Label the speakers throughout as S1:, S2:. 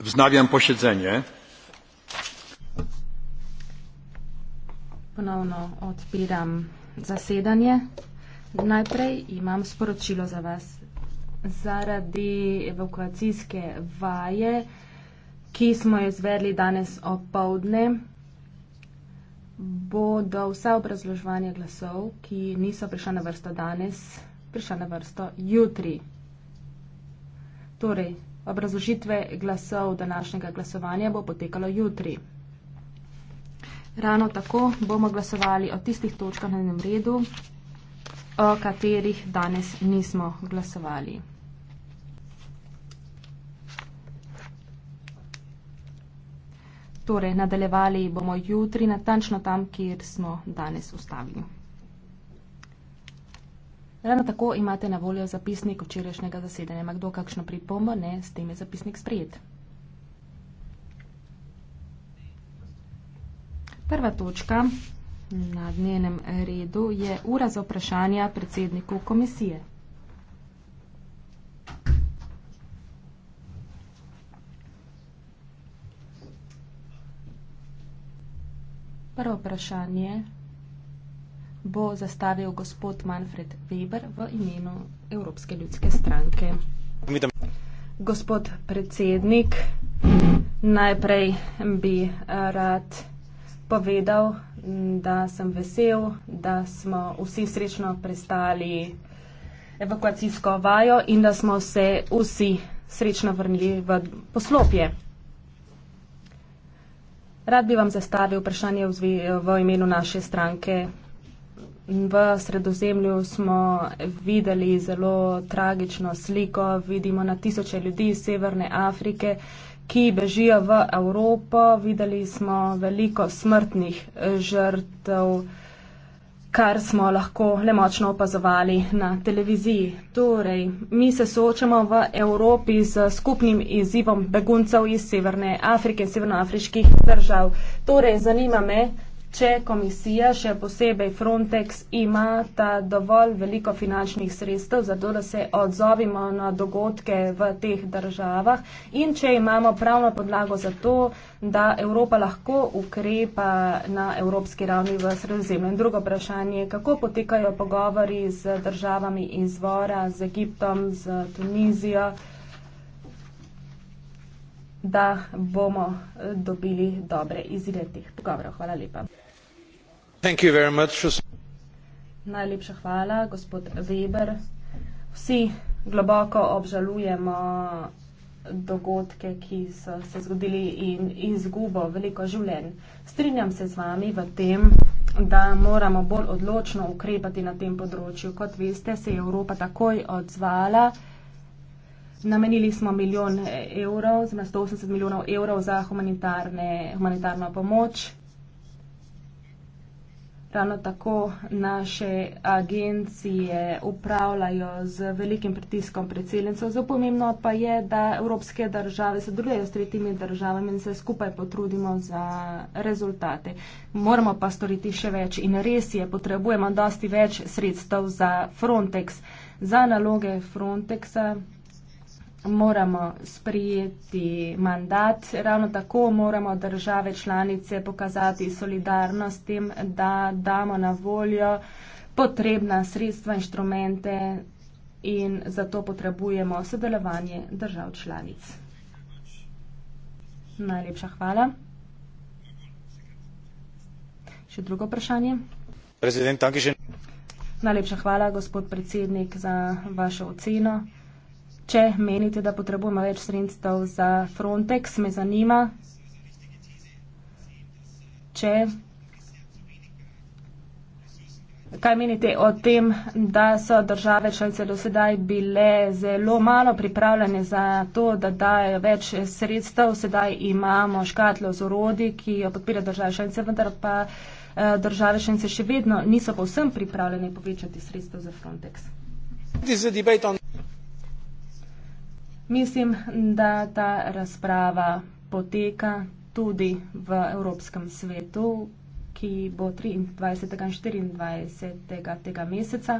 S1: wznawiam posiedzenie
S2: ponowno otwieram zasiedanie najpierw i mam sporoczilo za was zaradi ewakuacyjskie waje ki smo jo izvedli danes opoldne, bodo vse obrazložovanje glasov, ki niso prišla na vrsto danes, prišla na vrsto jutri. Torej, Obrazložitve glasov današnjega glasovanja bo potekalo jutri. Ravno tako bomo glasovali o tistih točkah na enem redu, o katerih danes nismo glasovali. Torej, nadaljevali bomo jutri natančno tam, kjer smo danes ustavili. Ravno tako imate na voljo zapisnik včerajšnjega zasedanja. Ma kdo kakšno pripombo, ne, s tem je zapisnik sprijet. Prva točka na dnevnem redu je ura za vprašanja predsedniku komisije. Prvo vprašanje bo zastavil gospod Manfred Weber v imenu Evropske ljudske stranke. Gospod predsednik, najprej bi eh, rad povedal, da sem vesel, da smo vsi srečno prestali evakuacijsko vajo in da smo se vsi srečno vrnili v poslopje. Rad bi vam zastavil vprašanje v, v imenu naše stranke V sredozemlju smo videli zelo tragično sliko, vidimo na tisoče ljudi iz Severne Afrike, ki bežijo v Evropo, videli smo veliko smrtnih žrtev, kar smo lahko le močno opazovali na televiziji. Torej, mi se soočamo v Evropi z skupnim izzivom beguncev iz Severne Afrike in severnoafriških držav. Torej, zanima me, če komisija, še posebej Frontex, ima ta dovolj veliko finančnih sredstev, zato da se odzovimo na dogodke v teh državah in če imamo pravno podlago za to, da Evropa lahko ukrepa na evropski ravni v sredozemlju. Drugo vprašanje, kako potekajo pogovori z državami izvora, z Egiptom, z Tunizijo? da bomo eh, dobili dobre izide teh pogovorov. Hvala lepa. Najlepša hvala, gospod Weber. Vsi globoko obžalujemo dogodke, ki so se zgodili in izgubo veliko življenj. Strinjam se z vami v tem, da moramo bolj odločno ukrepati na tem področju. Kot veste, se je Evropa takoj odzvala. Namenili smo milijon evrov, oziroma 180 milijonov evrov za humanitarno pomoč. Ravno tako naše agencije upravljajo z velikim pritiskom predseljencev. Zelo pomembno pa je, da evropske države sodelujejo s tretjimi državami in se skupaj potrudimo za rezultate. Moramo pa storiti še več in res je, potrebujemo dosti več sredstev za Frontex. Za naloge Frontexa moramo sprijeti mandat, ravno tako moramo države članice pokazati solidarnost tem, da damo na voljo potrebna sredstva, inštrumente in zato potrebujemo sodelovanje držav članic. Najlepša hvala. Še drugo vprašanje? Najlepša hvala, gospod predsednik, za vašo oceno če menite, da potrebujemo več sredstev za Frontex, me zanima, če. Kaj menite o tem, da so države članice do sedaj bile zelo malo pripravljene za to, da dajo več sredstev? Sedaj imamo škatlo z orodi, ki jo podpira države članice, vendar pa eh, države članice še vedno niso povsem pripravljene povečati sredstev za Frontex. Mislim, da ta razprava poteka tudi v Evropskem svetu, ki bo 23. in 24. tega meseca.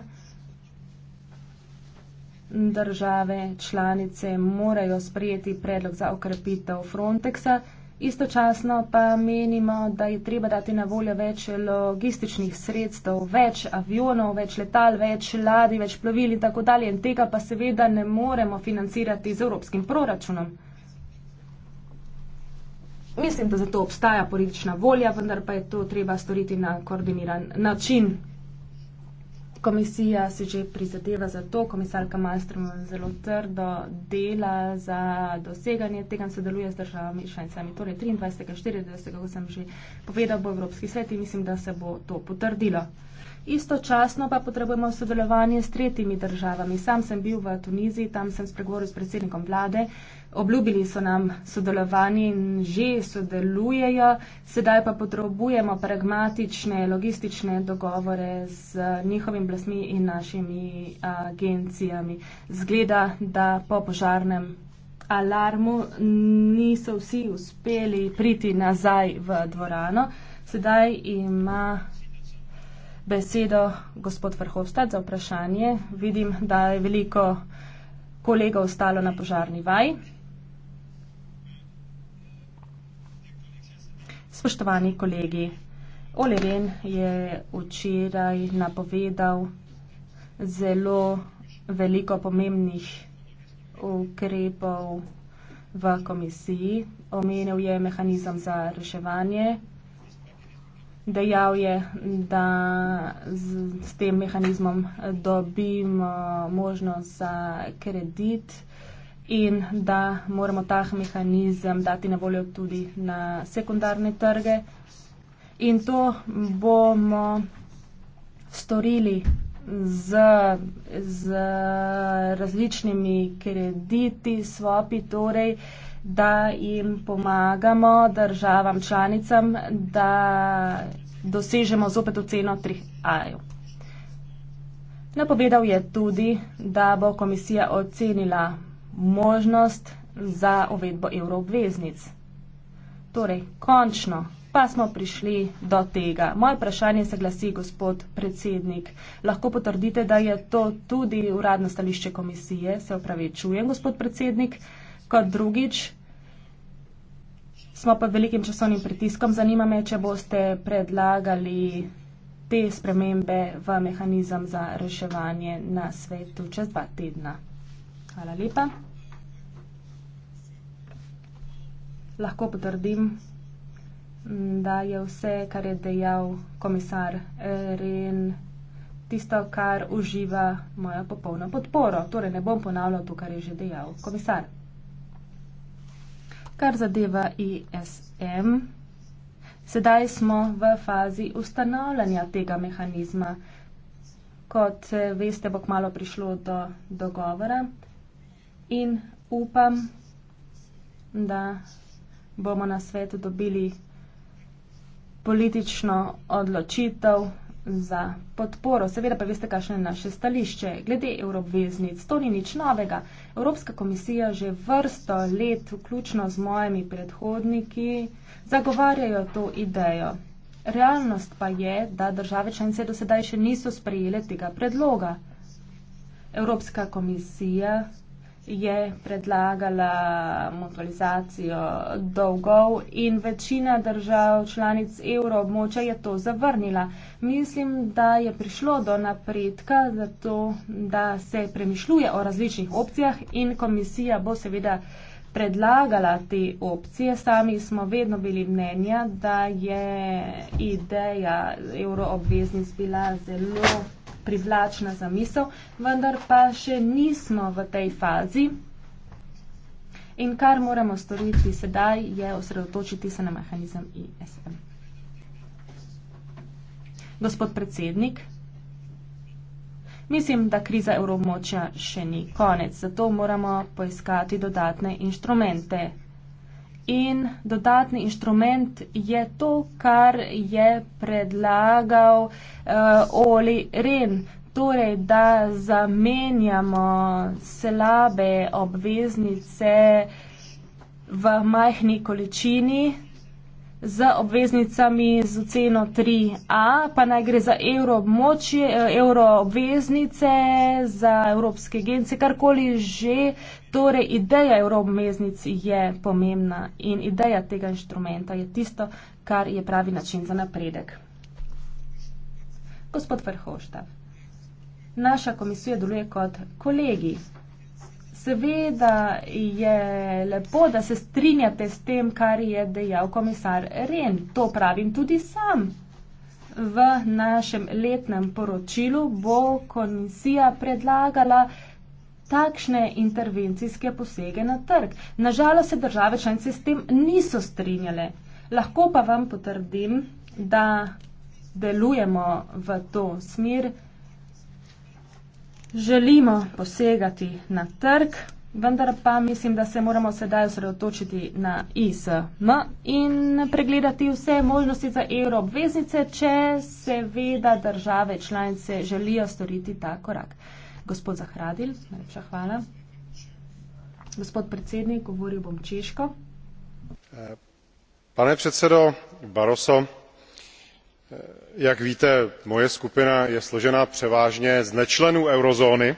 S2: Države članice morajo sprejeti predlog za okrepitev Frontexa. Istočasno pa menimo, da je treba dati na voljo več logističnih sredstev, več avionov, več letal, več ladij, več plovil in tako dalje. In tega pa seveda ne moremo financirati z evropskim proračunom. Mislim, da za to obstaja politična volja, vendar pa je to treba storiti na koordiniran način. Komisija si že prizadeva za to, komisarka Malmström zelo trdo dela za doseganje tega in sodeluje z državami švencami. Torej 23. 40. kot sem že povedal, bo Evropski svet in mislim, da se bo to potrdilo. Istočasno pa potrebujemo sodelovanje s tretjimi državami. Sam sem bil v Tuniziji, tam sem spregovoril s predsednikom vlade. Obljubili so nam sodelovanje in že sodelujejo, sedaj pa potrebujemo pragmatične, logistične dogovore z njihovimi blasmi in našimi agencijami. Zgleda, da po požarnem alarmu niso vsi uspeli priti nazaj v dvorano. Sedaj ima besedo gospod Vrhovstad za vprašanje. Vidim, da je veliko kolegov ostalo na požarni vaj. Spoštovani kolegi, Oleven je včeraj napovedal zelo veliko pomembnih ukrepov v komisiji. Omenil je mehanizem za reševanje Dejal je, da z, s tem mehanizmom dobim možnost za kredit in da moramo ta mehanizem dati na voljo tudi na sekundarne trge. In to bomo storili z, z različnimi krediti, svopi, torej, da jim pomagamo državam članicam, da dosežemo zopet oceno 3 ajo. Napovedal je tudi, da bo komisija ocenila možnost za uvedbo evroobveznic. Torej, končno pa smo prišli do tega. Moje vprašanje se glasi, gospod predsednik, lahko potrdite, da je to tudi uradno stališče komisije, se opravičujem, gospod predsednik. Kot drugič, smo pod velikim časovnim pritiskom. Zanima me, če boste predlagali te spremembe v mehanizem za reševanje na svetu čez dva tedna. Hvala lepa. Lahko potrdim, da je vse, kar je dejal komisar Ren, tisto, kar uživa mojo popolno podporo. Torej, ne bom ponavljal to, kar je že dejal komisar kar zadeva ISM. E sedaj smo v fazi ustanavljanja tega mehanizma. Kot eh, veste, bo kmalo prišlo do dogovora in upam, da bomo na svetu dobili politično odločitev za podporo. Seveda pa veste, kakšno je naše stališče glede evrobveznic. To ni nič novega. Evropska komisija že vrsto let, vključno z mojimi predhodniki, zagovarjajo to idejo. Realnost pa je, da države članice do sedaj še niso sprejele tega predloga. Evropska komisija je predlagala mutualizacijo dolgov in večina držav članic evroobmoča je to zavrnila. Mislim, da je prišlo do napredka, zato da se premišljuje o različnih opcijah in komisija bo seveda predlagala te opcije. Sami smo vedno bili mnenja, da je ideja evroobveznic bila zelo privlačna zamisel, vendar pa še nismo v tej fazi. In kar moramo storiti sedaj, je osredotočiti se na mehanizem ISM. Gospod predsednik, mislim, da kriza evromočja še ni konec, zato moramo poiskati dodatne inštrumente In dodatni inštrument je to, kar je predlagal uh, Oli Ren. Torej, da zamenjamo slabe obveznice v majhni količini, z obveznicami z oceno 3A, pa naj gre za evro območje, evro eh, obveznice, za evropske agencije, karkoli že. Torej, ideja evroobveznic je pomembna in ideja tega inštrumenta je tisto, kar je pravi način za napredek. Gospod Verhošta, naša komisija deluje kot kolegi. Seveda je lepo, da se strinjate s tem, kar je dejal komisar Ren. To pravim tudi sam. V našem letnem poročilu bo komisija predlagala takšne intervencijske posege na trg. Nažalost se države članice s tem niso strinjale. Lahko pa vam potrdim, da delujemo v to smer želimo posegati na trg, vendar pa mislim, da se moramo sedaj osredotočiti na ISM in pregledati vse možnosti za evro obveznice, če seveda države članice želijo storiti ta korak. Gospod Zahradil, najlepša hvala. Gospod predsednik, govoril bom češko.
S3: Pane predsedo Baroso, Eh, jak víte moje skupina
S2: je složena převážně z nečlenů eurozóny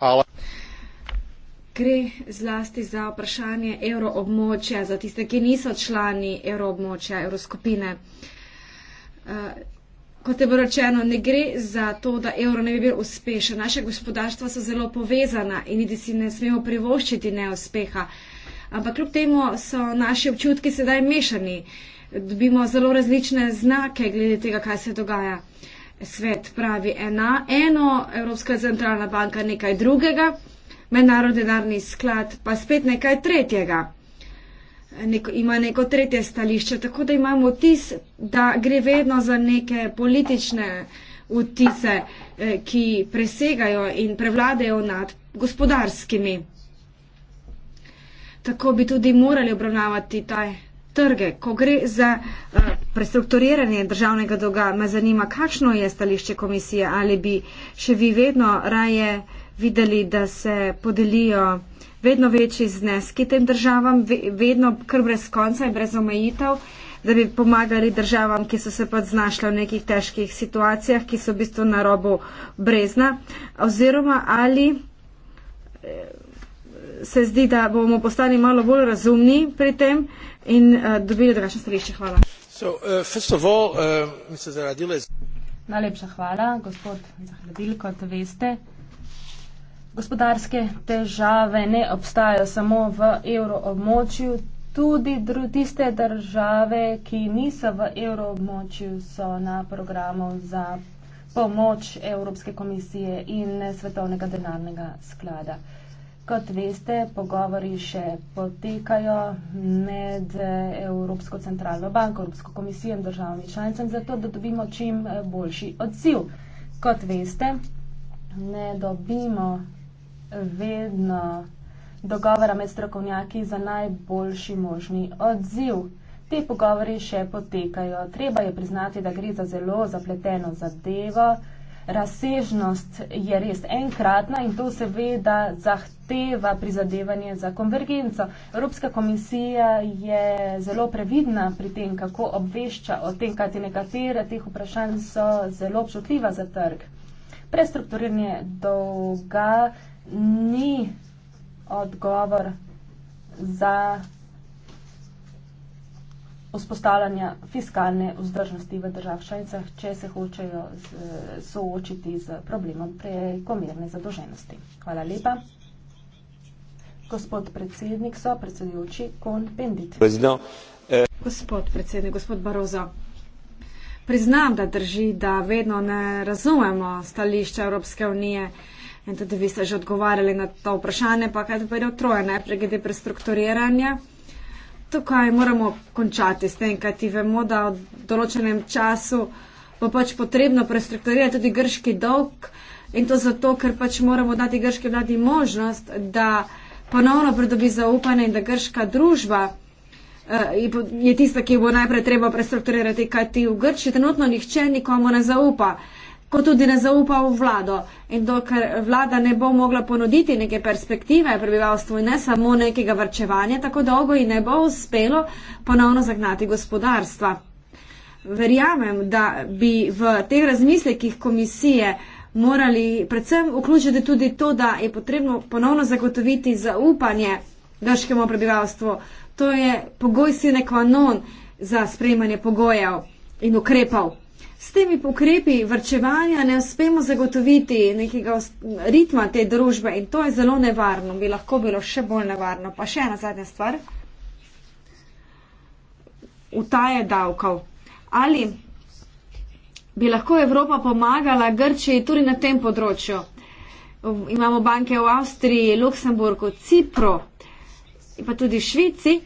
S2: ale.
S1: gre zlasti za vprašanje evroobmočja za tiste ki niso člani evroobmočja evroskupine. Eh, kot je bilo rečeno, ne gre za to, da evro ne bi bil uspešen. Naše gospodarstva so zelo povezana in niti si ne smemo privoščiti neuspeha. Ampak kljub temu so naši občutki sedaj mešani. Uh, dobimo zelo različne znake glede tega, kaj se dogaja. Svet pravi ena, eno, Evropska centralna banka nekaj drugega, mednarodni sklad pa spet nekaj tretjega. Neko, ima neko tretje stališče, tako da imamo vtis, da gre vedno za neke politične vtise, eh, ki presegajo in prevladajo nad gospodarskimi. Tako bi tudi morali obravnavati taj trge, ko gre za uh, prestrukturiranje državnega dolga, me zanima, kakšno je stališče komisije, ali bi še vi vedno raje videli, da se podelijo vedno večji zneski tem državam, vedno kar brez konca in brez omejitev, da bi pomagali državam, ki so se pa znašle v nekih težkih situacijah, ki so v bistvu na robu brezna, oziroma ali. Eh, se zdi, da bomo postali malo bolj razumni pri tem in uh, dobili drugačno stališče. Hvala. So, uh, all, uh, Najlepša
S2: hvala, gospod Zahradil, kot veste. Gospodarske težave ne obstajajo samo v evroobmočju. Tudi tiste države, ki niso v evroobmočju, so na programu za pomoč Evropske komisije in Svetovnega denarnega sklada. Kot veste, pogovori še potekajo med Evropsko centralno banko, Evropsko komisijo in državami članicami, zato da dobimo čim boljši odziv. Kot veste, ne dobimo vedno dogovora med strokovnjaki za najboljši možni odziv. Te pogovori še potekajo. Treba je priznati, da gre za zelo zapleteno zadevo razsežnost je res enkratna in to seveda zahteva prizadevanje za konvergenco. Evropska komisija je zelo previdna pri tem, kako obvešča o tem, kajti nekatere teh vprašanj so zelo občutljiva za trg. Prestrukturiranje dolga ni odgovor za vzpostavljanja fiskalne vzdržnosti v državah članicah, če se hočejo z, soočiti z problemom prekomerne zadolženosti. Hvala lepa.
S1: Gospod predsednik, so predsedujoči Kon Pendit.
S2: Eh.
S1: Gospod predsednik, gospod Barozo, priznam, da drži, da vedno ne razumemo stališča Evropske unije. In tudi vi ste že odgovarjali na to vprašanje, pa kaj je povedal Troje, najprej glede prestrukturiranja tukaj moramo končati s tem, kaj ti vemo, da v določenem času bo pač potrebno prestrukturirati tudi grški dolg in to zato, ker pač moramo dati grški vladi možnost, da ponovno pridobi zaupanje in da grška družba uh, je tista, ki bo najprej treba prestrukturirati, kaj ti v Grči trenutno nihče nikomu ne zaupa. Uh, kot tudi ne zaupa v vlado. In dokler vlada ne bo mogla ponuditi neke perspektive prebivalstvu in ne samo nekega vrčevanja tako dolgo in ne bo uspelo ponovno zagnati gospodarstva. Verjamem, da bi v teh razmislekih komisije morali predvsem vključiti tudi to, da je potrebno ponovno zagotoviti zaupanje grškemu prebivalstvu. To je pogoj sine qua non za sprejmanje pogojev in ukrepov. S temi pokrepi vrčevanja ne uspemo zagotoviti nekega ritma te družbe in to je zelo nevarno, bi lahko bilo še bolj nevarno. Pa še ena zadnja stvar. Utaje davkov. Ali bi lahko Evropa pomagala Grčiji tudi na tem področju? Imamo banke v Avstriji, Luksemburgu, Cipru in pa tudi Švici,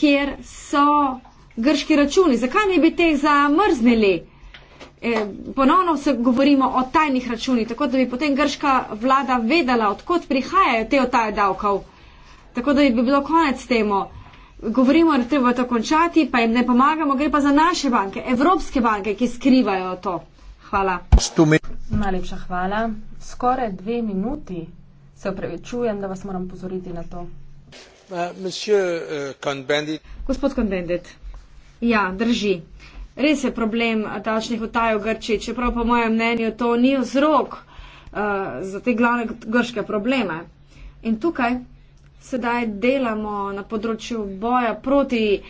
S1: kjer so grški računi, zakaj ne bi te zamrznili? E, ponovno se govorimo o tajnih računih, tako da bi potem grška vlada vedela, odkot prihajajo te otaje davkov. Tako da bi bilo konec temu. Govorimo, da treba to končati, pa jim ne pomagamo, gre pa za naše banke, evropske banke, ki skrivajo to. Hvala. Najlepša hvala. Skoraj dve minuti se upravičujem, da vas moram pozoriti na to.
S2: Uh, monsieur, uh,
S1: Gospod Konbendit. Ja, drži. Res je problem davčnih utaj v Grčiji, čeprav po mojem mnenju to ni vzrok uh, za te glavne grške probleme. In tukaj sedaj delamo na področju boja proti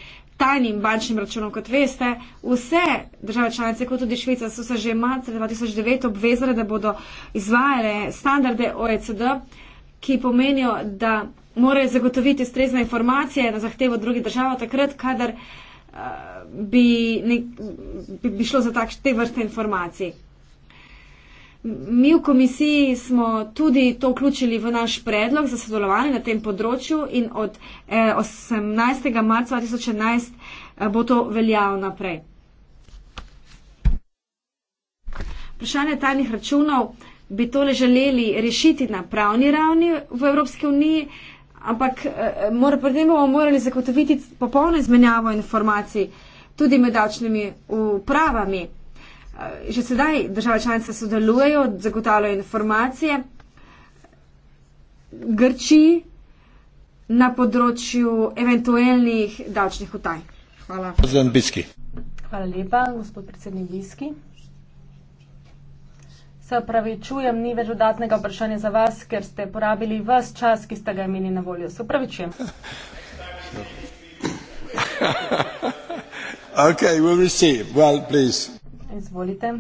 S1: tajnim bančnim računom, kot veste. Vse države članice, kot tudi Švica, so se že marca 2009 obvezale, da bodo izvajale standarde OECD, ki pomenijo, da morajo zagotoviti strezne informacije na zahtevo drugih držav, takrat, kadar. Uh, Eh, bi, ne, bi, bi šlo za takš, te vrste informacij. Mi v komisiji smo tudi to vključili v naš predlog za sodelovanje na tem področju in od 18. Eh, marca 2011 eh, bo to veljavo naprej. Vprašanje tajnih računov bi tole želeli rešiti na pravni ravni v Evropske unije ampak eh, mora, pri tem bomo morali zagotoviti popolno izmenjavo informacij tudi med davčnimi upravami. Eh, že sedaj države članice sodelujejo, zagotavljajo informacije Grčiji na področju eventualnih davčnih utaj. Hvala. Hvala lepa, gospod predsednik Biski.
S2: Se upravičujem, ni več dodatnega vprašanja za vas, ker ste porabili vse čas, ki ste ga imeli na voljo. Se upravičujem. ok, we'll receive. Well, please. Izvolite.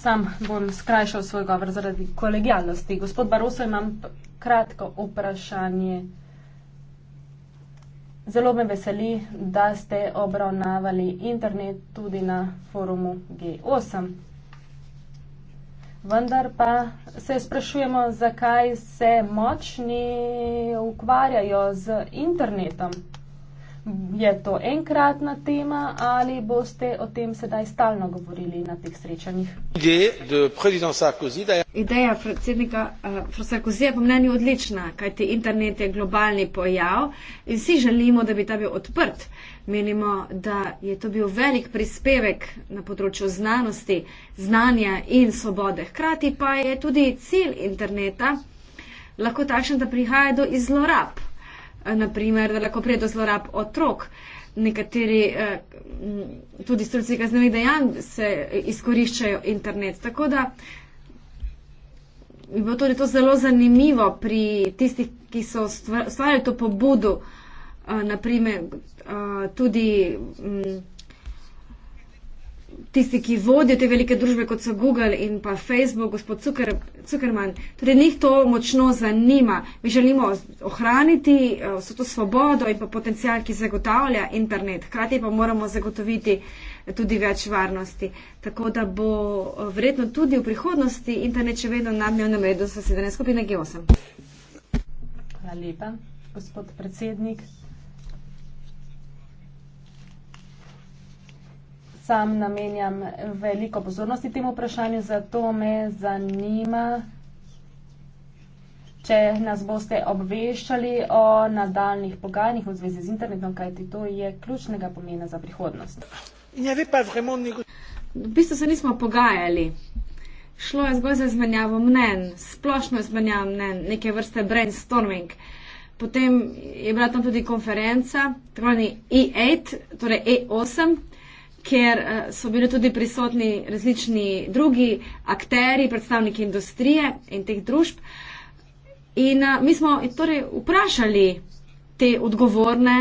S2: Sam bom skrajšal svoj govor zaradi kolegijalnosti. Gospod Baroso, imam kratko vprašanje. Zelo me veseli, da ste obravnavali internet tudi na forumu G8. Vendar pa se sprašujemo, zakaj se močni ukvarjajo z internetom je to enkratna tema ali boste o tem sedaj stalno govorili
S1: na teh srečanjih? Ideja predsednika uh, Sarkozija po mnenju odlična, kajti internet je globalni pojav in vsi želimo, da bi ta bil odprt. Menimo, da je to bil velik prispevek na področju znanosti, znanja in svobode. Hkrati pa je tudi cilj interneta lahko takšen, da prihaja do izlorab naprimer, da lahko prije do zlorab otrok. Nekateri, eh, tudi strokovnjaki kaznivih dejanj, se izkoriščajo internet. Tako da bi bilo tudi to zelo zanimivo pri tistih, ki so ustvarjali to pobudo, eh, naprimer, eh, tudi tisti, ki vodijo te velike družbe, kot so Google in pa Facebook, gospod Zucker, Zuckerman, tudi torej njih to močno zanima. Mi želimo ohraniti eh, vso to svobodo in pa potencial, ki zagotavlja internet. Hkrati pa moramo zagotoviti tudi več varnosti. Tako da bo eh, vredno tudi v prihodnosti internet še vedno na dnevnem redu, so sedene skupine G8. Hvala lepa, gospod predsednik.
S2: sam namenjam veliko pozornosti temu vprašanju, zato me zanima, če nas boste obveščali o nadaljnih pogajanjih v zvezi z internetom,
S1: kajti to je ključnega pomena za prihodnost. V bistvu se nismo pogajali. Šlo je zgolj za izmenjavo mnen, splošno izmenjavo mnen, neke vrste brainstorming. Potem je bila tam tudi konferenca, tako imenovani E8, torej E8, ker eh, so bili tudi prisotni različni drugi akteri, predstavniki industrije in teh družb. In eh, mi smo torej vprašali te odgovorne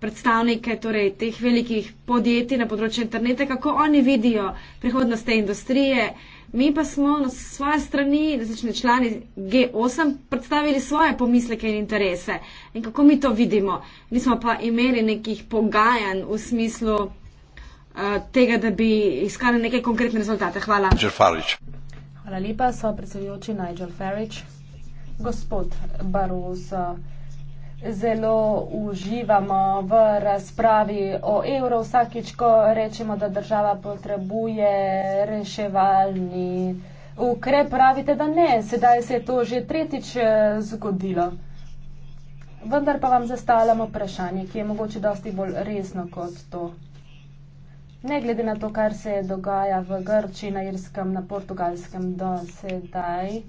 S1: predstavnike torej teh velikih podjetij na področju interneta, kako oni vidijo prihodnost te industrije. Mi pa smo na svoje strani, različni člani G8, predstavili svoje pomisleke in interese in kako mi to vidimo. Nismo pa imeli nekih pogajanj v smislu Eh, tega, da bi iskali neke konkretne rezultate. Hvala. Hvala lepa, so predsedujoči Nigel Farage.
S2: Gospod Barroso, zelo uživamo v razpravi o evro. Vsakič, ko rečemo, da država potrebuje reševalni ukrep, pravite, da ne. Sedaj se je to že tretjič eh, zgodilo. Vendar pa vam zastavljamo vprašanje, ki je mogoče dosti bolj resno kot to ne glede na to, kar se dogaja v Grči, na Irskem, na Portugalskem do sedaj,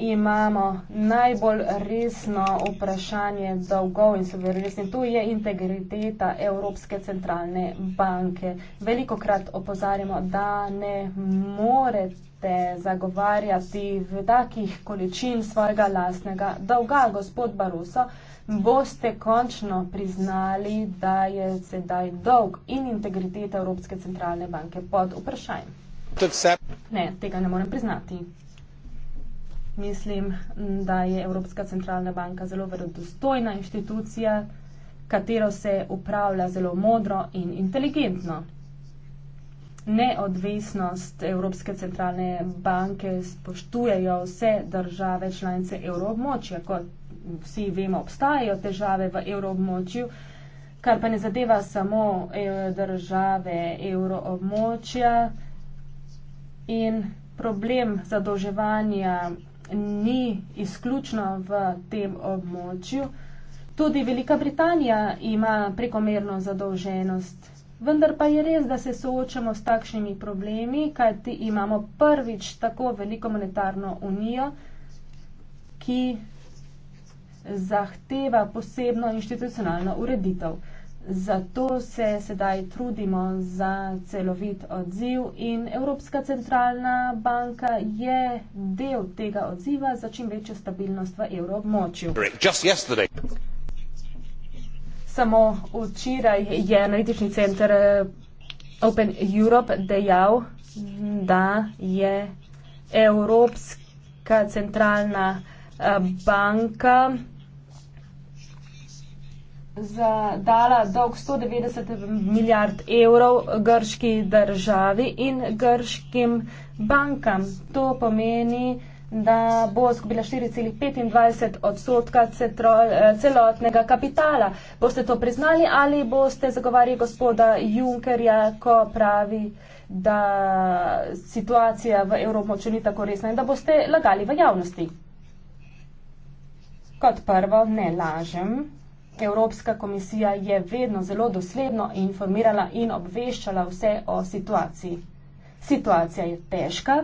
S2: imamo najbolj resno vprašanje dolgov in soverenosti. Tu je integriteta Evropske centralne banke. Veliko krat opozarjamo, da ne morete zagovarjati v takih količin svojega lastnega dolga, gospod Baruso boste končno priznali, da je sedaj dolg in integriteta Evropske centralne banke pod vprašanjem? Ne, tega ne morem priznati. Mislim, da je Evropska centralna banka zelo verodostojna inštitucija, katero se upravlja zelo modro in inteligentno. Neodvisnost Evropske centralne banke spoštujejo vse države članice evroobmočja, kot vsi vemo, obstajajo težave v evroobmočju, kar pa ne zadeva samo e, države evroobmočja. In problem zadolževanja ni izključno v tem območju. Tudi Velika Britanija ima prekomerno zadolženost. Vendar pa je res, da se soočamo s takšnimi problemi, kajti imamo prvič tako veliko monetarno unijo, ki zahteva posebno institucionalno ureditev. Zato se sedaj trudimo za celovit odziv in Evropska centralna banka je del tega odziva za čim večjo stabilnost v evroobmočju. Samo včeraj je analitični center eh, Open Europe dejal, da je Evropska centralna eh, banka dala dolg 190 milijard evrov grški državi in grškim bankam. To pomeni, da bo zgubila 4,25 odstotka eh, celotnega kapitala. Boste to priznali ali boste zagovarjali gospoda Junkerja, ko pravi, da situacija v Evropoču ni tako resna in da boste lagali v javnosti? Kot prvo, ne lažem. Evropska komisija je vedno zelo dosledno informirala in obveščala vse o situaciji. Situacija je težka,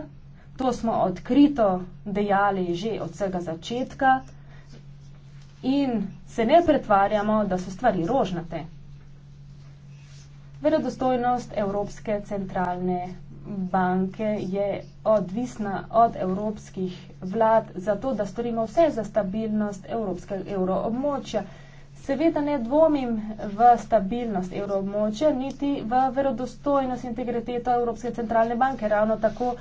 S2: to smo odkrito dejali že od vsega začetka in se ne pretvarjamo, da so stvari rožnate. Verodostojnost Evropske centralne banke je odvisna od evropskih vlad, zato da storimo vse za stabilnost evropskega evroobmočja. Seveda ne dvomim v stabilnost evroobmočja, niti v verodostojnost integriteto Evropske centralne banke. Ravno tako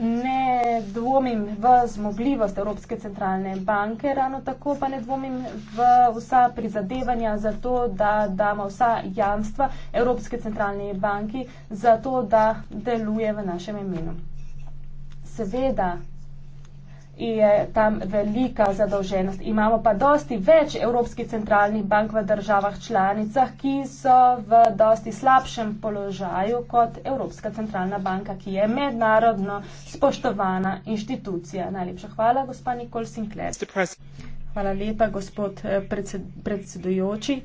S2: ne dvomim v zmogljivost Evropske centralne banke, ravno tako pa ne dvomim v vsa prizadevanja za to, da damo vsa jamstva Evropske centralne banki za to, da deluje v našem imenu. Seveda je tam velika zadolženost. Imamo pa dosti več evropskih centralnih bank v državah članicah, ki so v dosti slabšem položaju kot Evropska centralna banka, ki je mednarodno spoštovana inštitucija. Najlepša hvala, gospa Nikol Sinclair. Hvala lepa, gospod eh, predsed predsedujoči.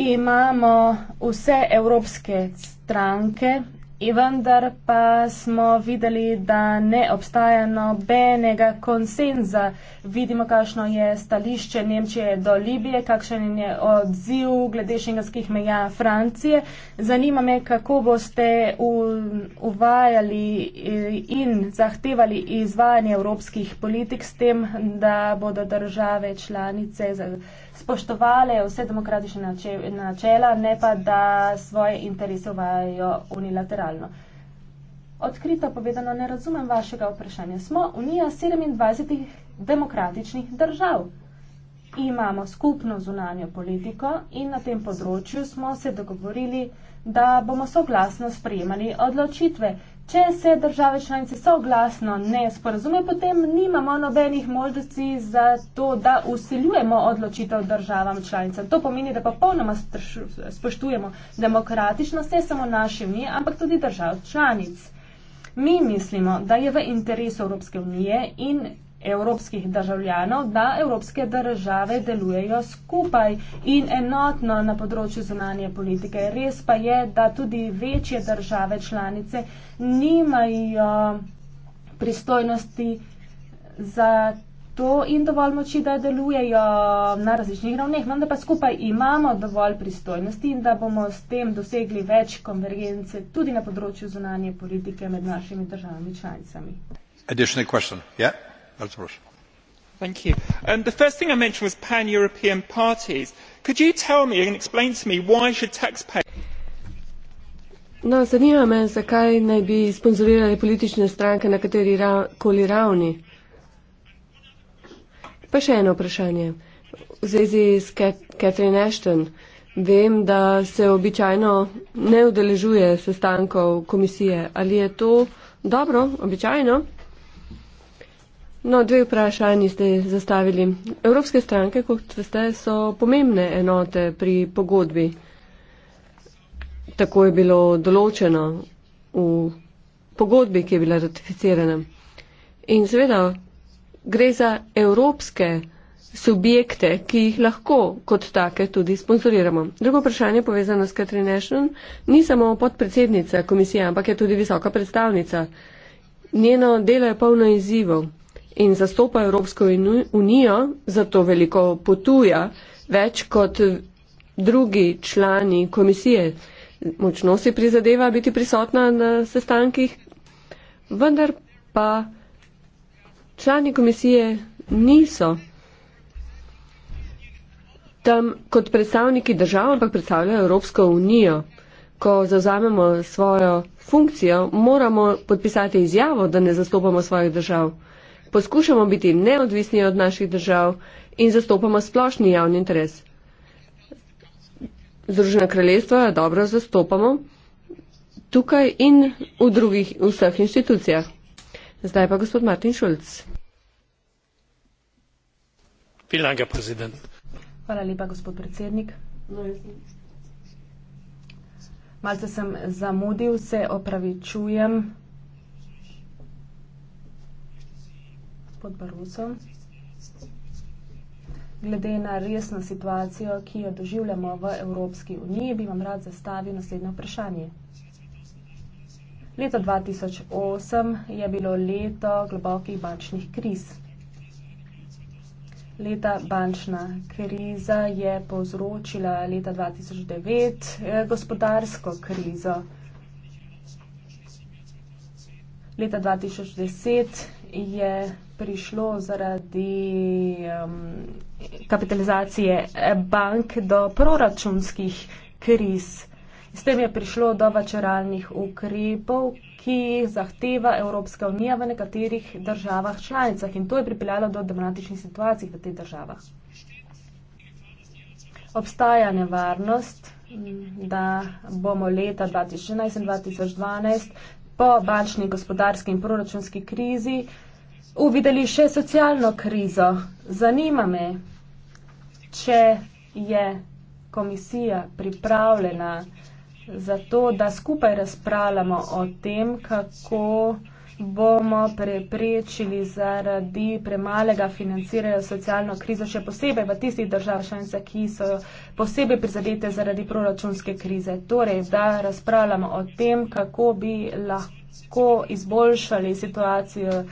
S2: Imamo vse evropske stranke vendar pa smo videli, da ne obstaja nobenega konsenza. Vidimo, kakšno je stališče Nemčije do Libije, kakšen je odziv glede šengenskih meja Francije. Zanima me, kako boste uvajali in zahtevali izvajanje evropskih politik s tem, da bodo države članice spoštovale vse demokratične načela, ne pa da svoje interese uvajajo unilateralno. Odkrito povedano, ne razumem vašega vprašanja. Smo unija 27 demokratičnih držav. Imamo skupno zunanjo politiko in na tem področju smo se dogovorili, da bomo soglasno sprejemali odločitve. Če se države članice soglasno ne sporazume, potem nimamo nobenih možnosti za to, da usiljujemo odločitev državam članicam. To pomeni, da popolnoma spoštujemo demokratičnost, ne samo naše mi, ampak tudi držav članic. Mi mislimo, da je v interesu Evropske unije in evropskih državljanov, da evropske države delujejo skupaj in enotno na področju zunanje politike. Res pa je, da tudi večje države članice nimajo pristojnosti za to in dovolj moči, da delujejo na različnih ravneh, vendar pa skupaj imamo dovolj pristojnosti in da bomo s tem dosegli več konvergence tudi na področju zunanje politike med našimi državami članicami.
S1: Additional question.
S3: Yeah. Um, the first thing i mentioned was pan european parties. could you tell me and explain to me why should taxpayers. no zanima me zakaj naj bi sponzorirale politične stranke na kateri ra koli ravni. pa še eno vprašanje v zvezi s catherine ashton. vem da se običajno ne udeležuje sestankov komisije ali je to dobro običajno? No, dve vprašanji ste zastavili. Evropske stranke, kot veste, so pomembne enote pri pogodbi. Tako je bilo določeno v pogodbi, ki je bila ratificirana. In seveda gre za evropske subjekte, ki jih lahko kot take tudi sponsoriramo. Drugo vprašanje povezano s Katrin Ashton ni samo podpredsednica komisije, ampak je tudi visoka predstavnica. Njeno delo je polno izzivov in zastopa Evropsko unijo, zato veliko potuje, več kot drugi člani komisije. Močno si prizadeva biti prisotna na sestankih, vendar pa člani komisije niso tam kot predstavniki držav, ampak predstavljajo Evropsko unijo. Ko zauzamemo svojo funkcijo, moramo podpisati izjavo, da ne zastopamo svojih držav poskušamo biti neodvisni od naših držav in zastopamo splošni javni interes. Združena kraljestva dobro zastopamo tukaj in v drugih vseh inštitucijah. Zdaj pa gospod Martin Šulc.
S2: Hvala lepa, gospod predsednik. No, Malce sem zamudil, se opravičujem. gospod Baruso. Glede na resno situacijo, ki jo doživljamo v Evropski uniji, bi vam rad zastavil naslednje vprašanje. Leto 2008 je bilo leto globokih bančnih kriz. Leta bančna kriza je povzročila leta 2009 eh, gospodarsko krizo. Leta 2010 je prišlo zaradi um, kapitalizacije bank do proračunskih kriz. S tem je prišlo do večeralnih ukrepov, ki jih zahteva Evropska unija v nekaterih državah članicah in to je pripeljalo do dramatičnih situacij v teh državah. Obstaja nevarnost, da bomo leta 2011 in 2012 po bančni gospodarski in proračunski krizi uvideli še socialno krizo. Zanima me, če je komisija pripravljena za to, da skupaj razpravljamo o tem, kako bomo preprečili zaradi premalega financiranja socialno krizo, še posebej v tistih državah članica, ki so posebej prizadete zaradi proračunske krize. Torej, da razpravljamo o tem, kako bi lahko izboljšali situacijo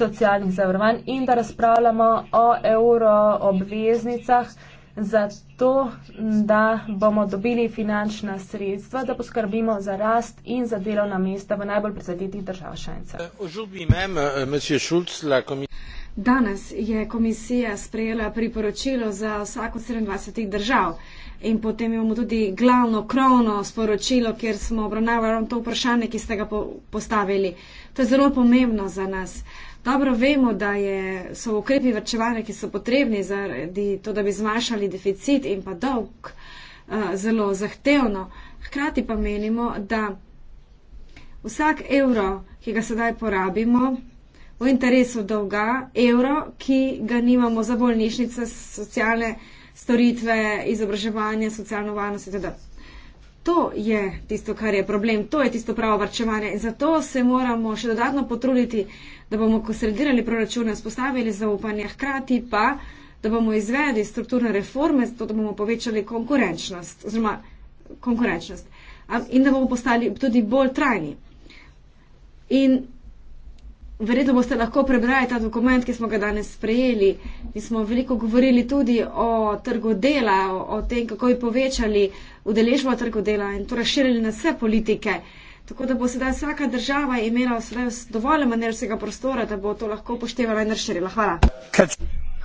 S2: socialnih zavrvanj in da razpravljamo o evro obveznicah za to, da bomo dobili finančna sredstva, da poskrbimo za rast in
S1: za delovna mesta v najbolj prizadetih držav šanca. Euh, Danes je komisija sprejela priporočilo za vsako 27 držav in potem imamo tudi glavno, krovno sporočilo, kjer smo obravnavali to vprašanje, ki ste ga po postavili. To je zelo pomembno za nas. Dobro vemo, da je, so ukrepi vrčevanja, ki so potrebni zaradi to, da bi zmanjšali deficit in pa dolg, eh, zelo zahtevno. Hkrati pa menimo, da vsak evro, ki ga sedaj porabimo, v interesu dolga, evro, ki ga nimamo za bolnišnice, socialne storitve, izobraževanje, socialno varnost itd. To je tisto, kar je problem, to je tisto pravo varčevanje in zato se moramo še dodatno potruditi, da bomo konsolidirali proračune, spostavili zaupanje, hkrati pa, da bomo izvedli strukturne reforme, zato da bomo povečali konkurenčnost, oziroma konkurenčnost in da bomo postali tudi bolj trajni. In Verjetno boste lahko prebrali ta dokument, ki smo ga danes sprejeli. Mi smo veliko govorili tudi o trgu dela, o, o tem, kako je povečali udeležbo trgu dela in to razširili na vse politike. Tako da bo sedaj vsaka država imela dovolj manevrskega prostora, da bo to lahko upoštevala in razširila. Hvala.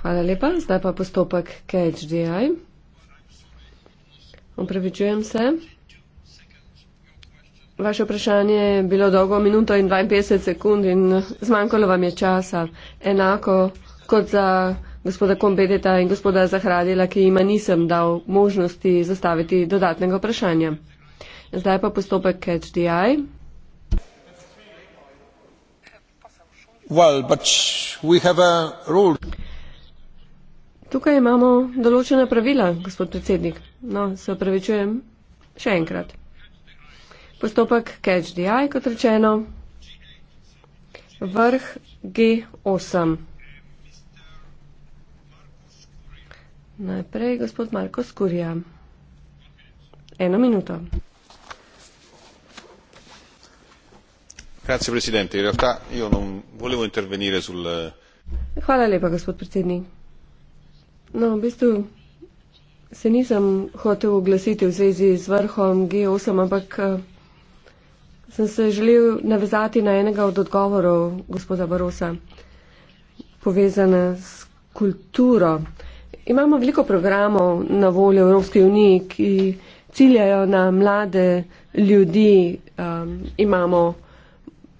S3: Hvala lepa. Zdaj pa postopek KHDI. Upravičujem se. Vaše vprašanje je bilo dolgo, minuto in 52 sekund in zmanjkalo vam je časa. Enako kot za gospoda Kombedeta in gospoda Zahradila, ki jima nisem dal možnosti zastaviti dodatnega vprašanja. Zdaj pa postopek catch the eye. Well, Tukaj imamo določena pravila, gospod predsednik. No, se opravičujem še enkrat. Postopek catch-the-eye, kot rečeno. Vrh G8. Najprej gospod Marko Skurja. Eno minuto. Grazie, presidente. In realtà io non volevo intervenire sul. Hvala lepa, gospod predsednik. No, v bistvu se nisem hotel oglasiti v zvezi z vrhom G8, ampak eh, sem se želel navezati na enega od odgovorov gospoda Barosa, povezane s kulturo. Imamo veliko programov na voljo Evropske unije, ki ciljajo na mlade ljudi. Um, imamo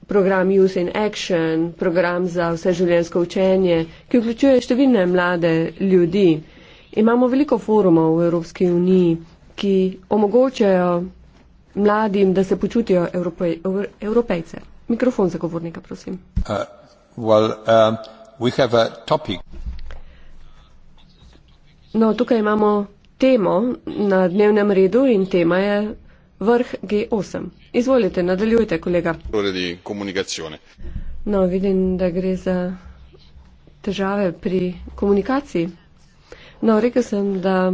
S3: program Use in Action, program za vseživljenjsko učenje, ki vključuje številne mlade ljudi. Imamo veliko forumov v Evropski uniji, ki omogočajo mladim, da se počutijo evropej, evropejce. Mikrofon za govornika, prosim. Uh, well, uh, no, tukaj imamo temo na dnevnem redu in tema je vrh G8. Izvolite, nadaljujte, kolega. No, vidim, da gre za težave pri komunikaciji. No, rekel sem, da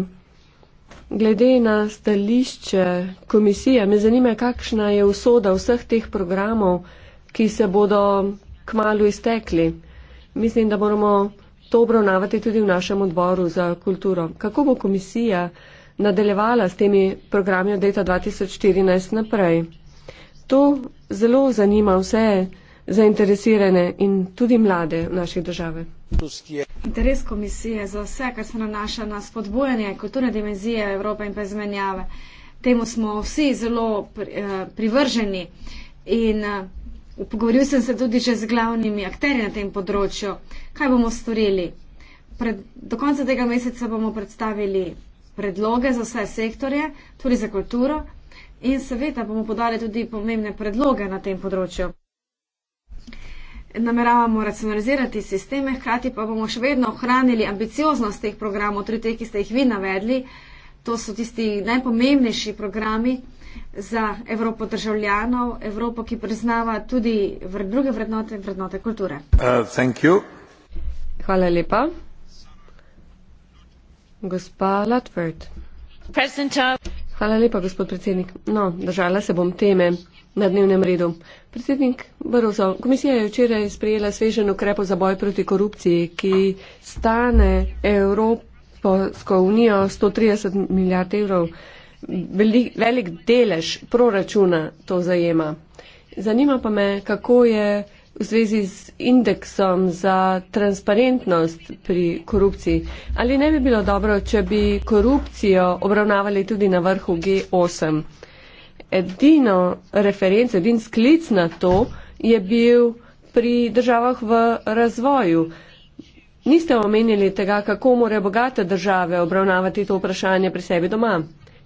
S3: Glede na stališče komisije, me zanima, kakšna je usoda vseh teh programov, ki se bodo kmalo iztekli. Mislim, da moramo to obravnavati tudi v našem odboru za kulturo. Kako bo komisija nadaljevala s temi programi od leta 2014 naprej? To zelo zanima vse zainteresirane in tudi mlade v naši državi.
S1: Interes komisije za vse, kar se nanaša na spodbojanje kulturne dimenzije Evrope in pa izmenjave. Temu smo vsi zelo eh, privrženi in eh, pogovoril sem se tudi že z glavnimi akteri na tem področju. Kaj bomo storili? Pred, do konca tega meseca bomo predstavili predloge za vse sektorje, tudi za kulturo in seveda bomo podali tudi pomembne predloge na tem področju nameravamo racionalizirati sisteme, hkrati pa bomo še vedno ohranili ambicioznost teh programov, tudi te, ki ste jih vi navedli. To so tisti najpomembnejši programi za Evropo državljanov, Evropo, ki priznava tudi vred, druge vrednote in vrednote kulture.
S3: Uh, Hvala lepa. Gospa Latvert. Uh, Hvala lepa, gospod predsednik. No, držala se bom teme na dnevnem redu. Predsednik Barozo, komisija je včeraj sprejela svežen ukrep za boj proti korupciji, ki stane Evropsko unijo 130 milijard evrov. Velik, velik delež proračuna to zajema. Zanima pa me, kako je v zvezi z indeksom za transparentnost pri korupciji. Ali ne bi bilo dobro, če bi korupcijo obravnavali tudi na vrhu G8? edino referenco, edin sklic na to je bil pri državah v razvoju. Niste omenili tega, kako morajo bogate države obravnavati to vprašanje pri sebi doma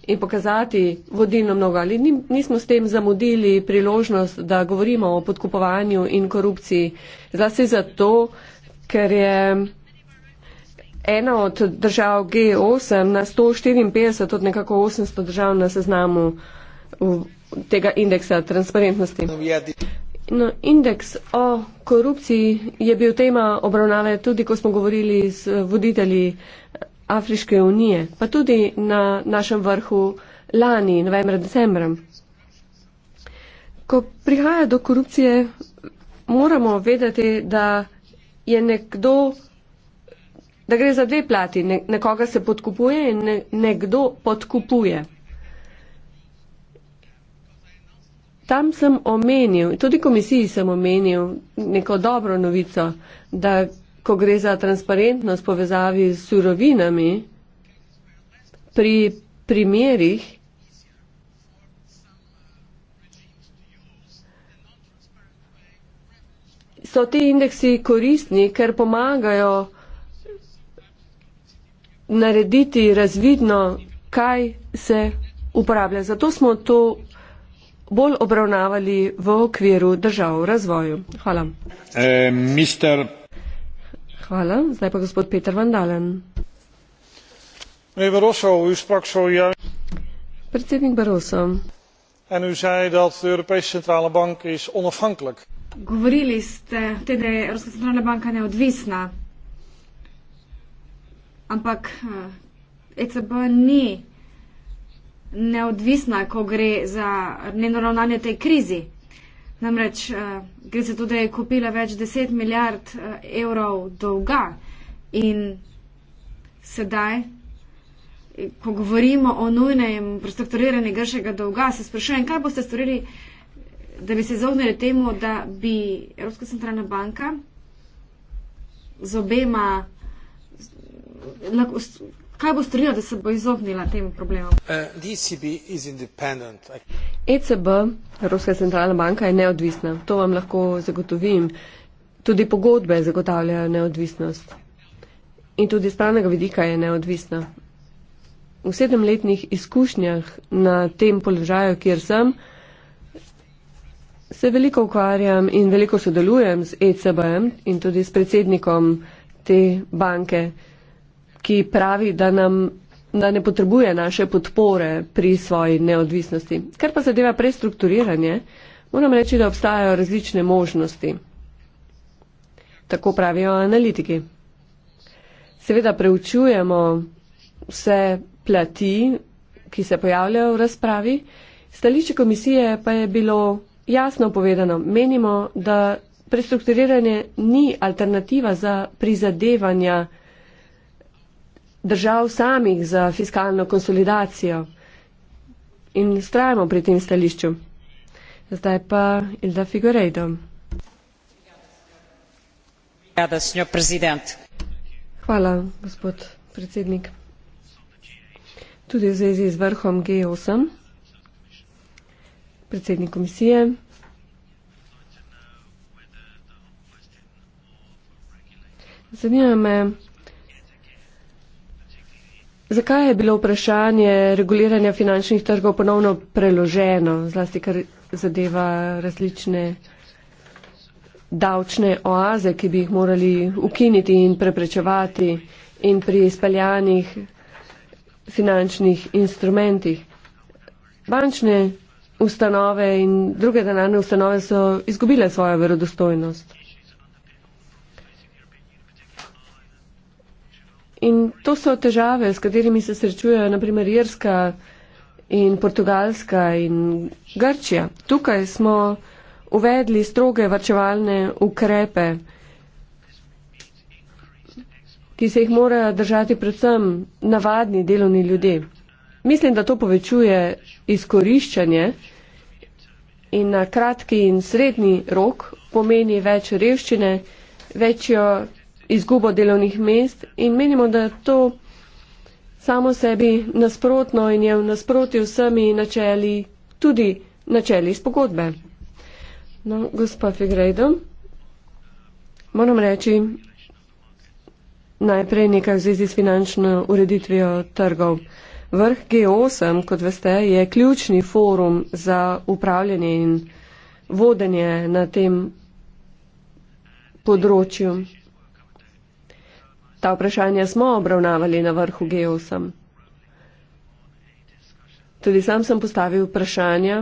S3: in pokazati vodilno mnogo ali nismo s tem zamudili priložnost, da govorimo o podkupovanju in korupciji. Zlasti zato, ker je ena od držav G8 na 154 od nekako 800 držav na seznamu uh, v, tega indeksa transparentnosti. No, indeks o korupciji je bil tema obravnave tudi, ko smo govorili z voditelji Afriške unije, pa tudi na našem vrhu lani, novembra, decembra. Ko prihaja do korupcije, moramo vedeti, da je nekdo, da gre za dve plati. Nekoga se podkupuje in nekdo podkupuje. Tam sem omenil, tudi komisiji sem omenil neko dobro novico, da ko gre za transparentnost povezavi s surovinami, pri primerih, so ti indeksi koristni, ker pomagajo narediti razvidno, kaj se uporablja. Zato smo to bolj obravnavali v okviru držav v razvoju. Hvala.
S1: E, mister...
S3: Hvala. Zdaj pa gospod Peter Vandalen. Meneer Barroso, u sprak zojuist. Predsednik Barroso. En u zei dat de Europese Centrale Bank is onafhankelijk.
S1: Govorili ste, te, da je Evropska centralna banka neodvisna. Ampak ECB eh, e ni neodvisna, ko gre za njeno ravnanje tej krizi. Namreč eh, gre za to, da je kupila več deset milijard eh, evrov dolga in sedaj, ko govorimo o nujnem prestrukturiranju grškega dolga, se sprašujem, kaj boste storili, da bi se izognili temu, da bi Evropska centralna banka z obema Kaj bo storila, da se bo izognila temu problemu?
S2: Uh, ECB, e
S3: e Evropska centralna banka, je neodvisna. To vam lahko zagotovim. Tudi pogodbe zagotavljajo neodvisnost. In tudi z pravnega vidika je neodvisna. V sedemletnih izkušnjah na tem položaju, kjer sem, se veliko ukvarjam in veliko sodelujem z ECB-em in tudi s predsednikom te banke ki pravi, da, nam, da ne potrebuje naše podpore pri svoji neodvisnosti. Ker pa zadeva prestrukturiranje, moram reči, da obstajajo različne možnosti. Tako pravijo analitiki. Seveda preučujemo vse plati, ki se pojavljajo v razpravi. Stališče komisije pa je bilo jasno povedano. Menimo, da prestrukturiranje ni alternativa za prizadevanja držav samih za fiskalno konsolidacijo in strajamo pri tem stališču. Zdaj pa Ilda Figurejdo. Hvala, gospod predsednik. Tudi v zvezi z vrhom G8, predsednik komisije. Zanima me, Zakaj je bilo vprašanje reguliranja finančnih trgov ponovno preloženo, zlasti kar zadeva različne davčne oaze, ki bi jih morali ukiniti in preprečevati in pri izpeljanih finančnih instrumentih? Bančne ustanove in druge denarne ustanove so izgubile svojo verodostojnost. In to so težave, s katerimi se srečujejo naprimer Irska in Portugalska in Grčija. Tukaj smo uvedli stroge varčevalne ukrepe, ki se jih morajo držati predvsem navadni delovni ljudje. Mislim, da to povečuje izkoriščanje in na kratki in srednji rok pomeni več revščine, večjo izgubo delovnih mest in menimo, da je to samo sebi nasprotno in je v nasprotju vsemi načeli, tudi načeli iz pogodbe. No, gospa Figrejdo, moram reči najprej nekaj v zvezi s finančno ureditvijo trgov. Vrh G8, kot veste, je ključni forum za upravljanje in vodenje na tem področju. Ta vprašanja smo obravnavali na vrhu G8. Tudi sam sem postavil vprašanja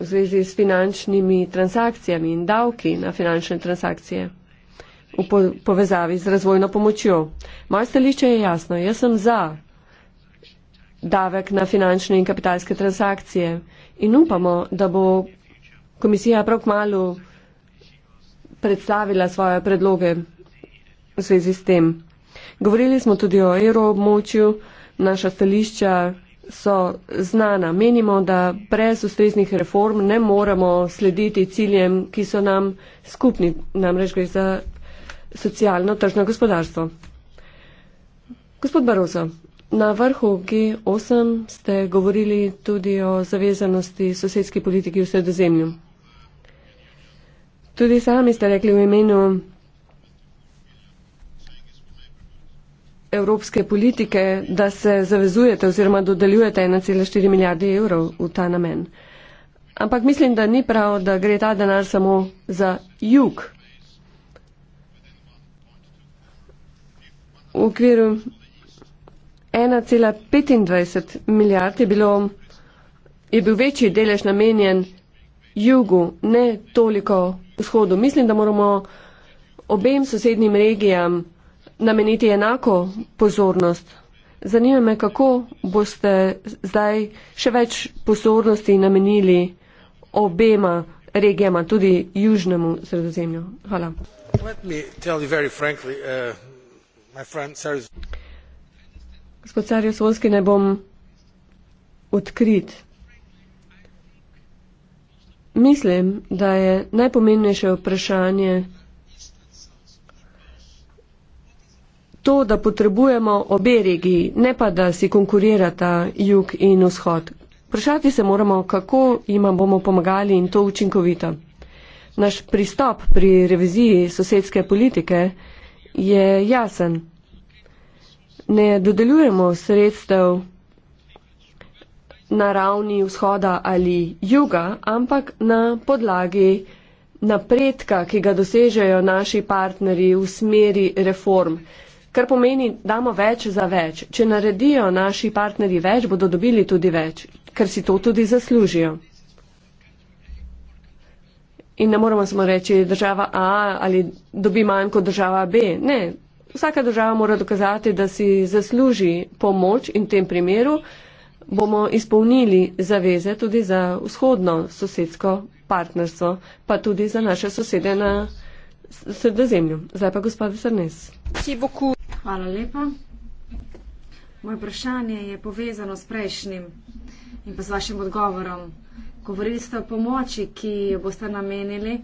S3: v zvezi s finančnimi transakcijami in davki na finančne transakcije v povezavi z razvojno pomočjo. Moje stališče je jasno. Jaz sem za davek na finančne in kapitalske transakcije in upamo, da bo komisija prav kmalo predstavila svoje predloge v zvezi s tem. Govorili smo tudi o evroobmočju, naša stališča so znana. Menimo, da brez ustreznih reform ne moremo slediti ciljem, ki so nam skupni, namreč gre za socialno tržno gospodarstvo. Gospod Baroso, na vrhu G8 ste govorili tudi o zavezanosti sosedski politiki v sredozemlju. Tudi sami ste rekli v imenu evropske politike, da se zavezujete oziroma dodeljujete 1,4 milijarde evrov v ta namen. Ampak mislim, da ni prav, da gre ta denar samo za jug. V okviru 1,25 milijard je, bilo, je bil večji delež namenjen jugu, ne toliko vzhodu. Mislim, da moramo obem sosednjim regijam nameniti enako pozornost. Zanima me, kako boste zdaj še več pozornosti namenili obema regijama, tudi južnemu sredozemlju. Hvala. Uh, Gospod Sarjo Solski, ne bom odkrit. Mislim, da je najpomembnejše vprašanje to, da potrebujemo obe regiji, ne pa da si konkurirata jug in vzhod. Vprašati se moramo, kako jim bomo pomagali in to učinkovito. Naš pristop pri reviziji sosedske politike je jasen. Ne dodeljujemo sredstev na ravni vzhoda ali juga, ampak na podlagi napredka, ki ga dosežejo naši partnerji v smeri reform. Kar pomeni, damo več za več. Če naredijo naši partnerji več, bodo dobili tudi več, ker si to tudi zaslužijo. In ne moramo samo reči, država A ali dobi manj kot država B. Ne, vsaka država mora dokazati, da si zasluži pomoč in v tem primeru bomo izpolnili zaveze tudi za vzhodno sosedsko partnerstvo, pa tudi za naše sosede na sredozemlju. Zdaj pa gospod Srnes.
S1: Hvala lepa. Moje vprašanje je povezano s prejšnjim in pa s vašim odgovorom. Govorili ste o pomoči, ki jo boste namenili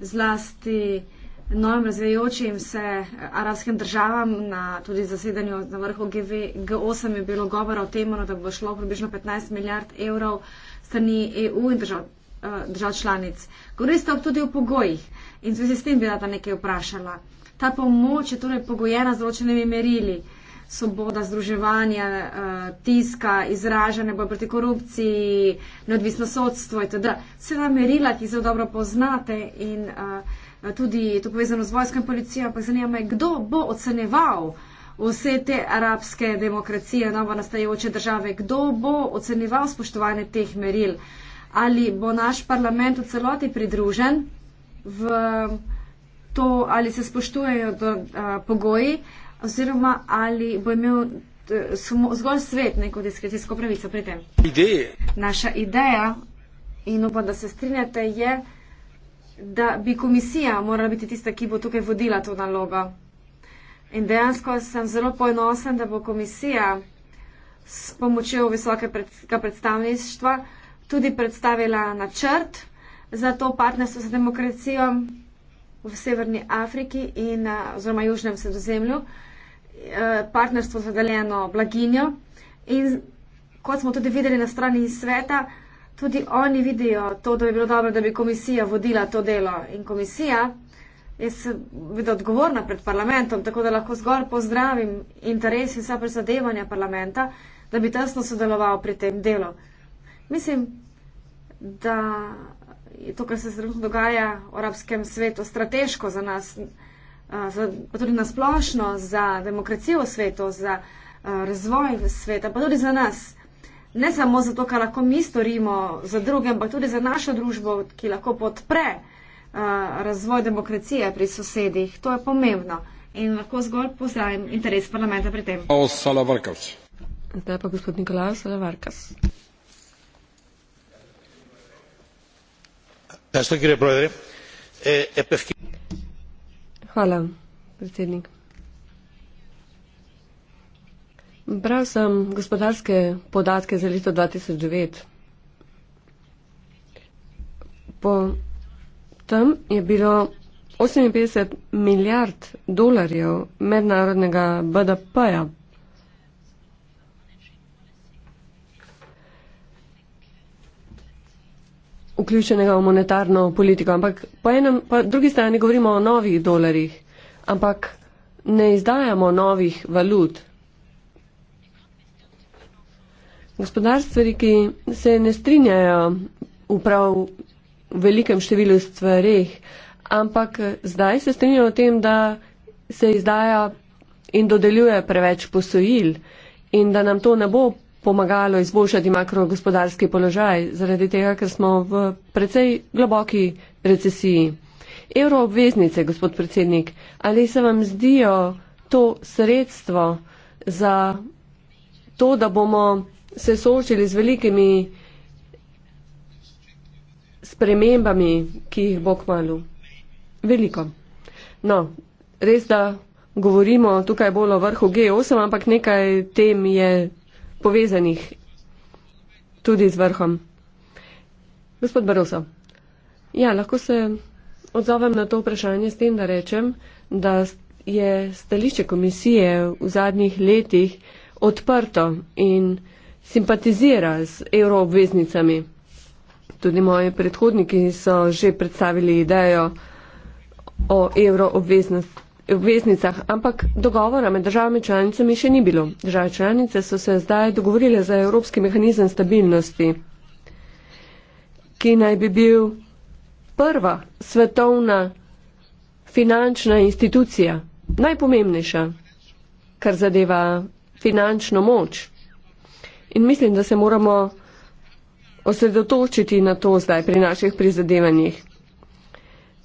S1: zlasti novim razvijajočim se eh, arabskim državam, na, tudi zasedanju na vrhu GV, G8 je bilo govora o tem, da bo šlo približno 15 milijard evrov strani EU in držav, eh, držav članic. Govorili ste tudi o pogojih in zvezi s tem bi rada nekaj vprašala. Ta pomoč je torej pogojena z določenimi merili. Svoboda združevanja, eh, tiska, izražanje boja proti korupciji, neodvisno sodstvo itd. Vse ta merila, ki zelo dobro poznate in uh, tudi to povezano z vojsko in policijo, ampak zanima me, kdo bo oceneval vse te arabske demokracije, novo nastajajoče države, kdo bo oceneval spoštovanje teh meril. Ali bo naš parlament v celoti pridružen v um, to, ali se spoštujejo do, a, uh, pogoji, oziroma ali bo imel t, uh, sumo, zgolj svet neko diskrecijsko pravico pri tem. Ideje. Naša ideja, in upam, da se strinjate, je, da bi komisija morala biti tista, ki bo tukaj vodila to nalogo. In dejansko sem zelo ponosen, da bo komisija s pomočjo visokega predstavništva tudi predstavila načrt za to partnerstvo z demokracijo v Severni Afriki in eh, oziroma Južnem sredozemlju, eh, partnerstvo za deljeno blaginjo. In kot smo tudi videli na strani sveta, tudi oni vidijo to, da bi bilo dobro, da bi komisija vodila to delo. In komisija je seveda odgovorna pred parlamentom, tako da lahko zgolj pozdravim interes in vsa prizadevanja parlamenta, da bi tesno sodeloval pri tem delu. Mislim, da je to, kar se trenutno dogaja v arabskem svetu, strateško za nas, eh, pa tudi nasplošno za demokracijo v svetu, za eh, razvoj sveta, pa tudi za nas ne samo za to, kar lahko mi storimo za druge, ampak tudi za našo družbo, ki lahko podpre uh, razvoj demokracije pri sosedih. To je pomembno in lahko zgolj pozdravim interes parlamenta pri tem.
S3: Zdaj pa gospod Nikolaj Salavarkas. Hvala, predsednik. Bral sem gospodarske podatke za leto 2009. Po tem je bilo 58 milijard dolarjev mednarodnega BDP-ja. vključenega v monetarno politiko, ampak po, enem, po drugi strani govorimo o novih dolarjih, ampak ne izdajamo novih valut. Gospodarstveniki se ne strinjajo prav v velikem številu stvareh, ampak zdaj se strinjajo o tem, da se izdaja in dodeljuje preveč posojil in da nam to ne bo pomagalo izboljšati makrogospodarski položaj, zaradi tega, ker smo v precej globoki recesiji. Euroobveznice, gospod predsednik, ali se vam zdijo to sredstvo za to, da bomo se soočili z velikimi spremembami, ki jih bo kmalo. Veliko. No, res, da govorimo tukaj bolj o vrhu G8, ampak nekaj tem je povezanih tudi z vrhom. Gospod Baroso, ja, lahko se odzovem na to vprašanje s tem, da rečem, da je stališče komisije v zadnjih letih odprto in simpatizira z euroobveznicami. Tudi moji predhodniki so že predstavili idejo o euroobveznicah, ampak dogovora med državami članicami še ni bilo. Države članice so se zdaj dogovorile za evropski mehanizem stabilnosti, ki naj bi bil prva svetovna finančna institucija, najpomembnejša, kar zadeva finančno moč. In mislim, da se moramo osredotočiti na to zdaj pri naših prizadevanjih.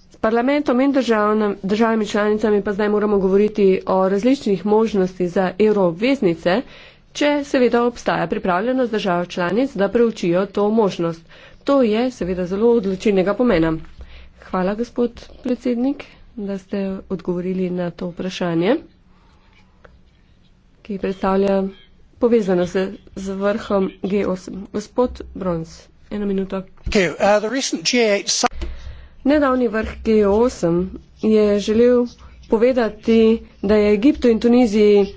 S3: S parlamentom in državnem, državami članicami pa zdaj moramo govoriti o različnih možnosti za euroobveznice, če seveda obstaja pripravljenost držav članic, da preučijo to možnost. To je seveda zelo odločilnega pomena. Hvala, gospod predsednik, da ste odgovorili na to vprašanje, ki predstavlja povezana z, z vrhom G8. Gospod Brons, eno minuto. Uh, G8... Nedavni vrh G8 je želel povedati, da je Egiptu in Tuniziji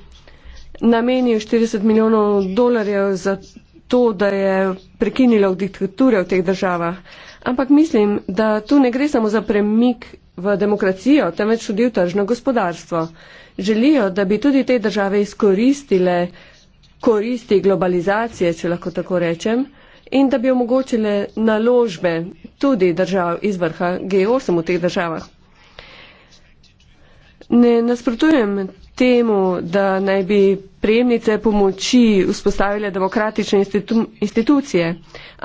S3: namenil 40 milijonov dolarjev za to, da je prekinilo diktature v teh državah. Ampak mislim, da tu ne gre samo za premik v demokracijo, temveč tudi v tržno gospodarstvo. Želijo, da bi tudi te države izkoristile koristi globalizacije, če lahko tako rečem, in da bi omogočile naložbe tudi držav iz vrha G8 v teh državah. Ne nasprotujem temu, da naj bi prejemnice pomoči vzpostavile demokratične institu institucije,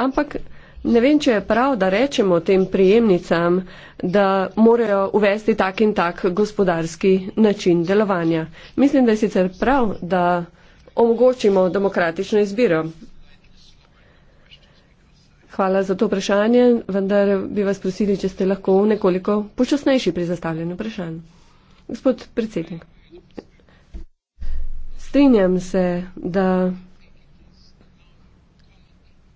S3: ampak ne vem, če je prav, da rečemo tem prejemnicam, da morajo uvesti tak in tak gospodarski način delovanja. Mislim, da je sicer prav, da omogočimo demokratično izbiro? Hvala za to vprašanje, vendar bi vas prosili, če ste lahko nekoliko počasnejši pri zastavljanju vprašanj. Gospod predsednik. Strinjam se, da.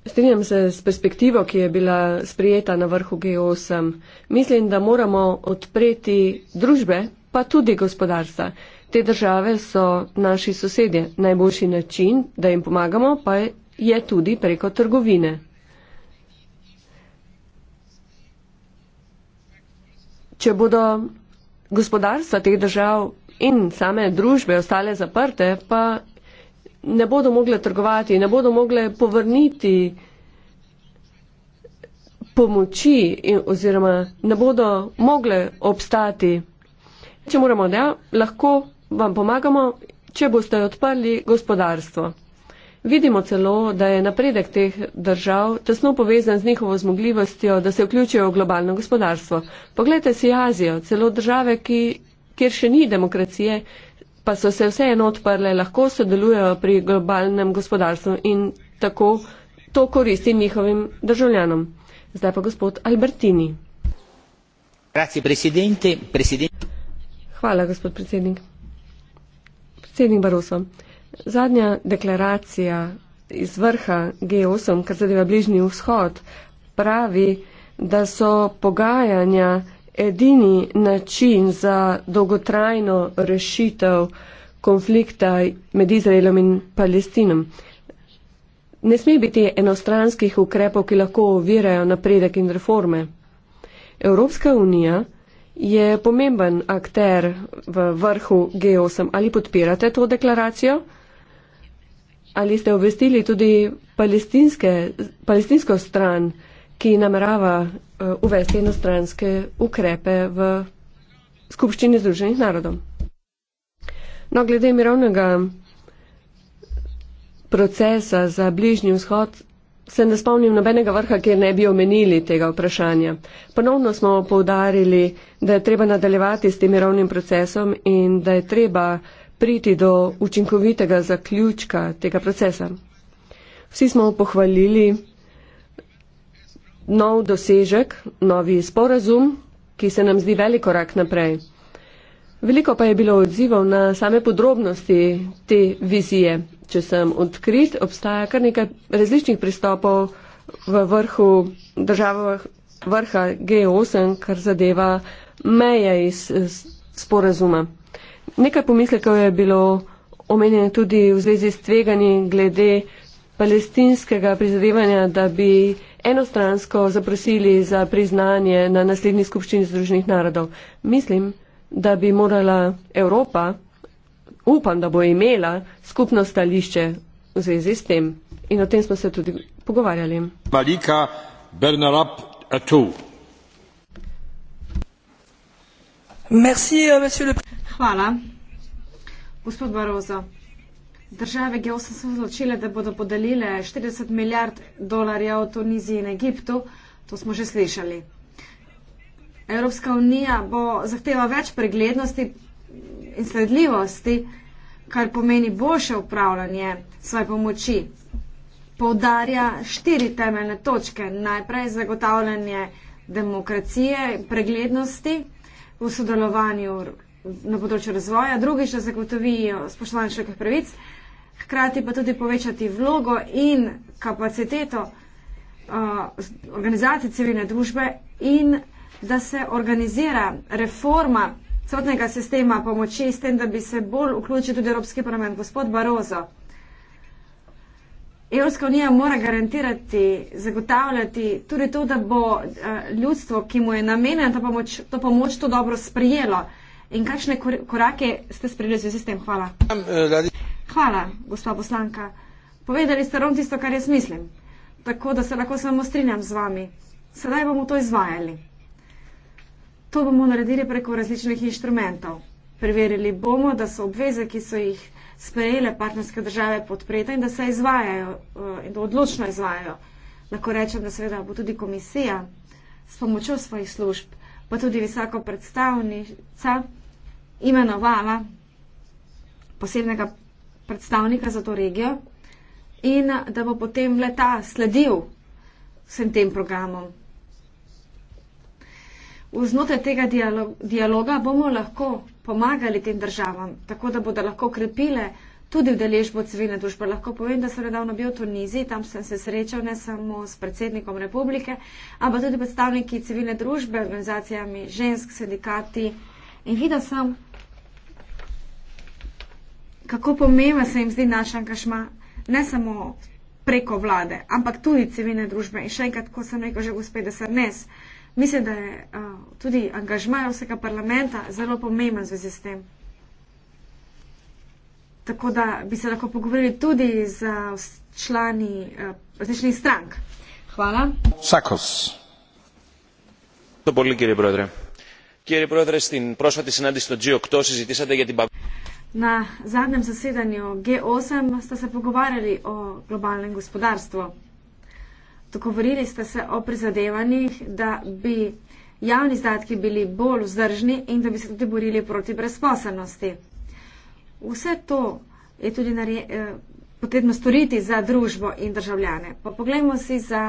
S3: Strinjam se s perspektivo, ki je bila sprijeta na vrhu G8. Mislim, da moramo odpreti družbe, pa tudi gospodarstva. Te države so naši sosedje. Najboljši način, da jim pomagamo, pa je tudi preko trgovine. Če bodo gospodarstva teh držav in same družbe ostale zaprte, pa ne bodo mogle trgovati, ne bodo mogle povrniti pomoči oziroma ne bodo mogle obstati. Če moramo, da lahko vam pomagamo, če boste odprli gospodarstvo. Vidimo celo, da je napredek teh držav tesno povezan z njihovo zmogljivostjo, da se vključijo v globalno gospodarstvo. Poglejte si Azijo, celo države, ki, kjer še ni demokracije, pa so se vseeno odprle, lahko sodelujejo pri globalnem gospodarstvu in tako to koristi njihovim državljanom. Zdaj pa gospod Albertini. Hvala, gospod predsednik. Predsednik Baroso, zadnja deklaracija iz vrha G8, kar zadeva bližnji vzhod, pravi, da so pogajanja edini način za dolgotrajno rešitev konflikta med Izraelom in Palestinom. Ne sme biti enostranskih ukrepov, ki lahko ovirajo napredek in reforme. Evropska unija je pomemben akter v vrhu G8. Ali podpirate to deklaracijo? Ali ste obvestili tudi palestinsko stran, ki namerava eh, uvesti enostranske ukrepe v Skupščini Združenih narodov? No, glede mirovnega procesa za bližnji vzhod se ne spomnim nobenega vrha, kjer ne bi omenili tega vprašanja. Ponovno smo poudarili, da je treba nadaljevati s tem mirovnim procesom in da je treba priti do učinkovitega zaključka tega procesa. Vsi smo pohvalili nov dosežek, novi sporazum, ki se nam zdi velik korak naprej. Veliko pa je bilo odzivov na same podrobnosti te vizije če sem odkrit, obstaja kar nekaj različnih pristopov v vrhu država vrha G8, kar zadeva meje iz sporazuma. Nekaj pomislekov je bilo omenjeno tudi v zvezi s tveganji glede palestinskega prizadevanja, da bi enostransko zaprosili za priznanje na naslednji skupščini Združenih narodov. Mislim, da bi morala Evropa upam, da bo imela skupno stališče v zvezi s tem. In o tem smo se tudi pogovarjali.
S2: Malika Bernarab Atu.
S1: Euh, Hvala. Gospod Barozo, države G8 so odločile, da bodo podelile 40 milijard dolarjev Tuniziji in Egiptu, to smo že slišali. Evropska unija bo zahteva več preglednosti in sledljivosti, kar pomeni boljše upravljanje svoje pomoči, poudarja štiri temeljne točke. Najprej zagotavljanje demokracije, preglednosti v sodelovanju na področju razvoja, drugič, da zagotovijo spoštovanje človekovih pravic, hkrati pa tudi povečati vlogo in kapaciteto uh, organizacije civilne družbe in da se organizira reforma sodnega sistema pomoči s tem, da bi se bolj vključil tudi Evropski parlament. Gospod Barozo, Evropska unija mora garantirati, zagotavljati tudi to, da bo eh, ljudstvo, ki mu je namenjeno ta pomoč, to pomoč to dobro sprijelo. In kakšne korake ste sprejeli z tem? Hvala. Hvala, gospa poslanka. Povedali ste rom tisto, kar jaz mislim. Tako da se lahko samo strinjam z vami. Sedaj bomo to izvajali. To bomo naredili preko različnih inštrumentov. Preverili bomo, da so obveze, ki so jih sprejele partnerske države podprete in da se izvajajo eh, in da odločno izvajajo. Lahko rečem, da seveda bo tudi komisija s pomočjo svojih služb, pa tudi visoko predstavnica imenovala posebnega predstavnika za to regijo in eh, da bo potem leta sledil vsem tem programom. Vznotraj tega dialoga bomo lahko pomagali tem državam, tako da bodo lahko krepile tudi vdeležbo civilne družbe. Lahko povem, da sem nedavno bil v Tuniziji, tam sem se srečal ne samo s predsednikom republike, ampak tudi predstavniki civilne družbe, organizacijami žensk, sindikati. In videl sem, kako pomembno se jim zdi naš angažma, ne samo preko vlade, ampak tudi civilne družbe. In še enkrat, ko sem rekel že gospe, da sem nes. Mislim, da je uh, tudi angažma vsega parlamenta zelo pomemben v zvezi s tem. Tako da bi se lahko pogovorili tudi z člani različnih uh, strank. Hvala. Sakos. To boli, kjer je brodre. Kjer je brodre, s tem prošati se najdi stočijo, kdo si zdi, da je ti babi. Na zadnjem zasedanju G8 sta se pogovarjali o globalnem gospodarstvu. Dogovorili ste se o prizadevanjih, da bi javni izdatki bili bolj vzdržni in da bi se tudi borili proti brezposobnosti. Vse to je tudi eh, potrebno storiti za družbo in državljane. Pa poglejmo si za,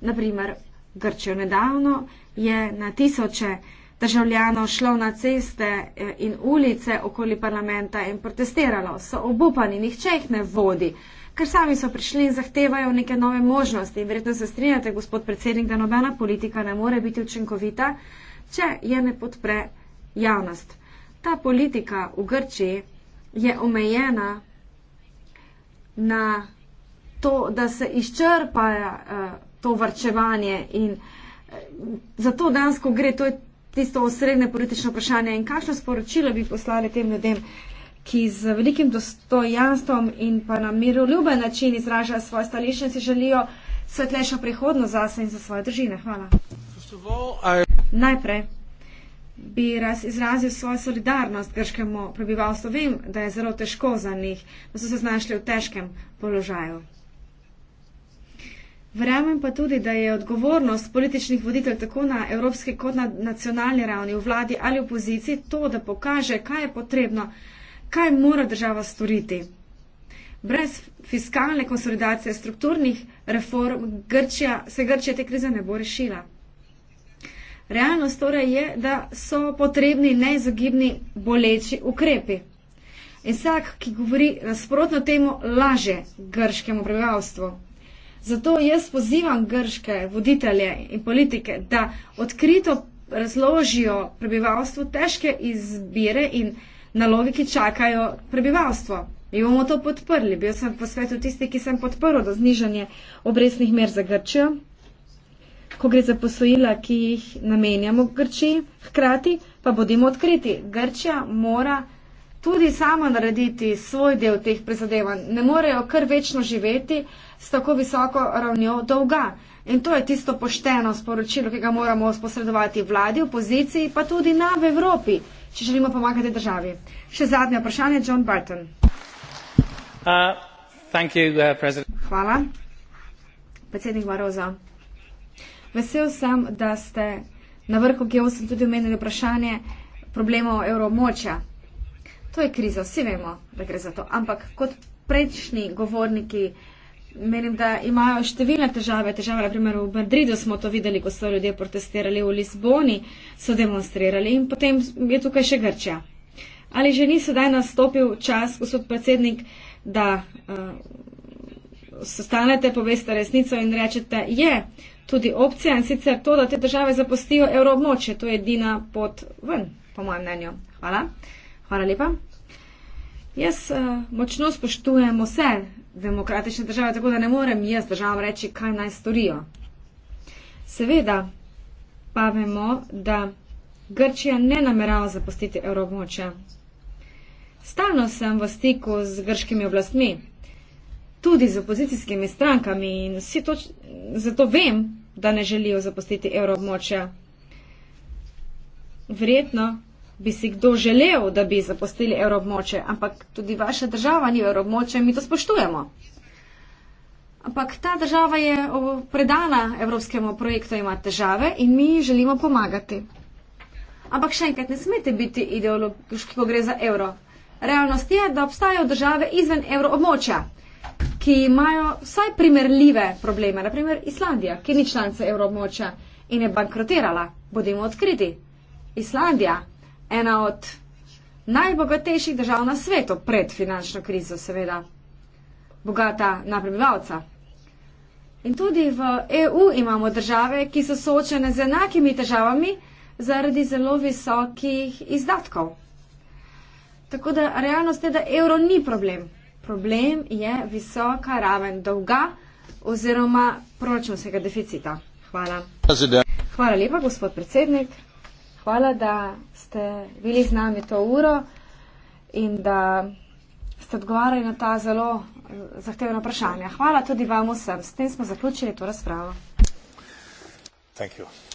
S1: naprimer, Grčijo. Nedavno je na tisoče državljanov šlo na ceste eh, in ulice okoli parlamenta in protestiralo. So obupani, nihče jih ne vodi ker sami so prišli in zahtevajo neke nove možnosti. Verjetno se strinjate, gospod predsednik, da nobena politika ne more biti učinkovita, če je ne podpre javnost. Ta politika v Grčiji je omejena na to, da se izčrpa uh, eh, to vrčevanje in uh, eh, zato dansko gre. Tisto osrednje politično vprašanje in kakšno sporočilo bi poslali tem ljudem, ki z velikim dostojanstvom in pa na miroljuben način izražajo svoje stališče in si želijo svetlejšo prihodnost za sebe in za svoje družine. Hvala. Najprej bi raz izrazil svojo solidarnost grškemu prebivalstvu. Vem, da je zelo težko za njih, da so se znašli v težkem položaju. Verjamem pa tudi, da je odgovornost političnih voditelj tako na evropski kot na nacionalni ravni, v vladi ali v opoziciji, to, da pokaže, kaj je potrebno, kaj mora država storiti. Brez fiskalne konsolidacije strukturnih reform Grčija, se Grčija te krize ne bo rešila. Realnost torej je, da so potrebni neizogibni boleči ukrepi. In vsak, ki govori nasprotno temu, laže grškemu prebivalstvu. Zato jaz pozivam grške voditelje in politike, da odkrito razložijo prebivalstvu težke izbire in prebivalstvo na logi, ki čakajo prebivalstvo. Mi bomo to podprli. Bil sem po svetu tisti, ki sem podprl do znižanje obresnih mer za Grčijo, ko gre za posojila, ki jih namenjamo Grčiji, hkrati pa bodimo odkriti. Grčija mora tudi sama narediti svoj del teh prizadevanj. Ne morejo kar večno živeti s tako visoko ravnjo dolga. In to je tisto pošteno sporočilo, ki ga moramo posredovati vladi, opoziciji, pa tudi nam v Evropi če želimo pomagati državi. Še zadnje vprašanje, John Barton. Uh, thank you, uh, Hvala, predsednik Varoza. Vesel sem, da ste na vrhu G8 tudi omenili vprašanje problemov evromoča. To je kriza, vsi vemo, da gre za to. Ampak kot prejšnji govorniki Menim, da imajo številne težave. Težave, na primer, v Madridu smo to videli, ko so ljudje protestirali, v Lizboni so demonstrirali in potem je tukaj še Grčija. Ali že ni sedaj nastopil čas, gospod predsednik, da uh, eh, sostanete, poveste resnico in rečete, je tudi opcija in sicer to, da te države zapustijo evroobmoče. To je edina pot ven, po mojem mnenju. Hvala. Hvala lepa. Jaz uh, močno spoštujem vse demokratične države, tako da ne morem jaz državam reči, kaj naj storijo. Seveda pa vemo, da Grčija ne namerava zapustiti evroobmočja. Stalno sem v stiku z grškimi oblastmi, tudi z opozicijskimi strankami in to, zato vem, da ne želijo zapustiti evroobmočja. Verjetno bi si kdo želel, da bi zapustili evroobmoče, ampak tudi vaša država ni evroobmoče in mi to spoštujemo. Ampak ta država je predana evropskemu projektu, ima težave in mi želimo pomagati. Ampak še enkrat, ne smete biti ideološki, ko gre za evro. Realnost je, da obstajajo države izven evroobmoča, ki imajo vsaj primerljive probleme. Naprimer Islandija, ki ni članica evroobmoča in je bankrotirala. Bodimo odkriti. Islandija ena od najbogatejših držav na svetu pred finančno krizo, seveda, bogata na prebivalca. In tudi v EU imamo države, ki so soočene z enakimi težavami zaradi zelo visokih izdatkov. Tako da realnost je, da evro ni problem. Problem je visoka raven dolga oziroma proračunskega deficita. Hvala. Hvala lepa, gospod predsednik. Hvala, da ste bili z nami to uro in da ste odgovarjali na ta zelo eh, zahtevna vprašanja. Hvala tudi vam vsem. S tem smo zaključili to razpravo.
S3: Thank you.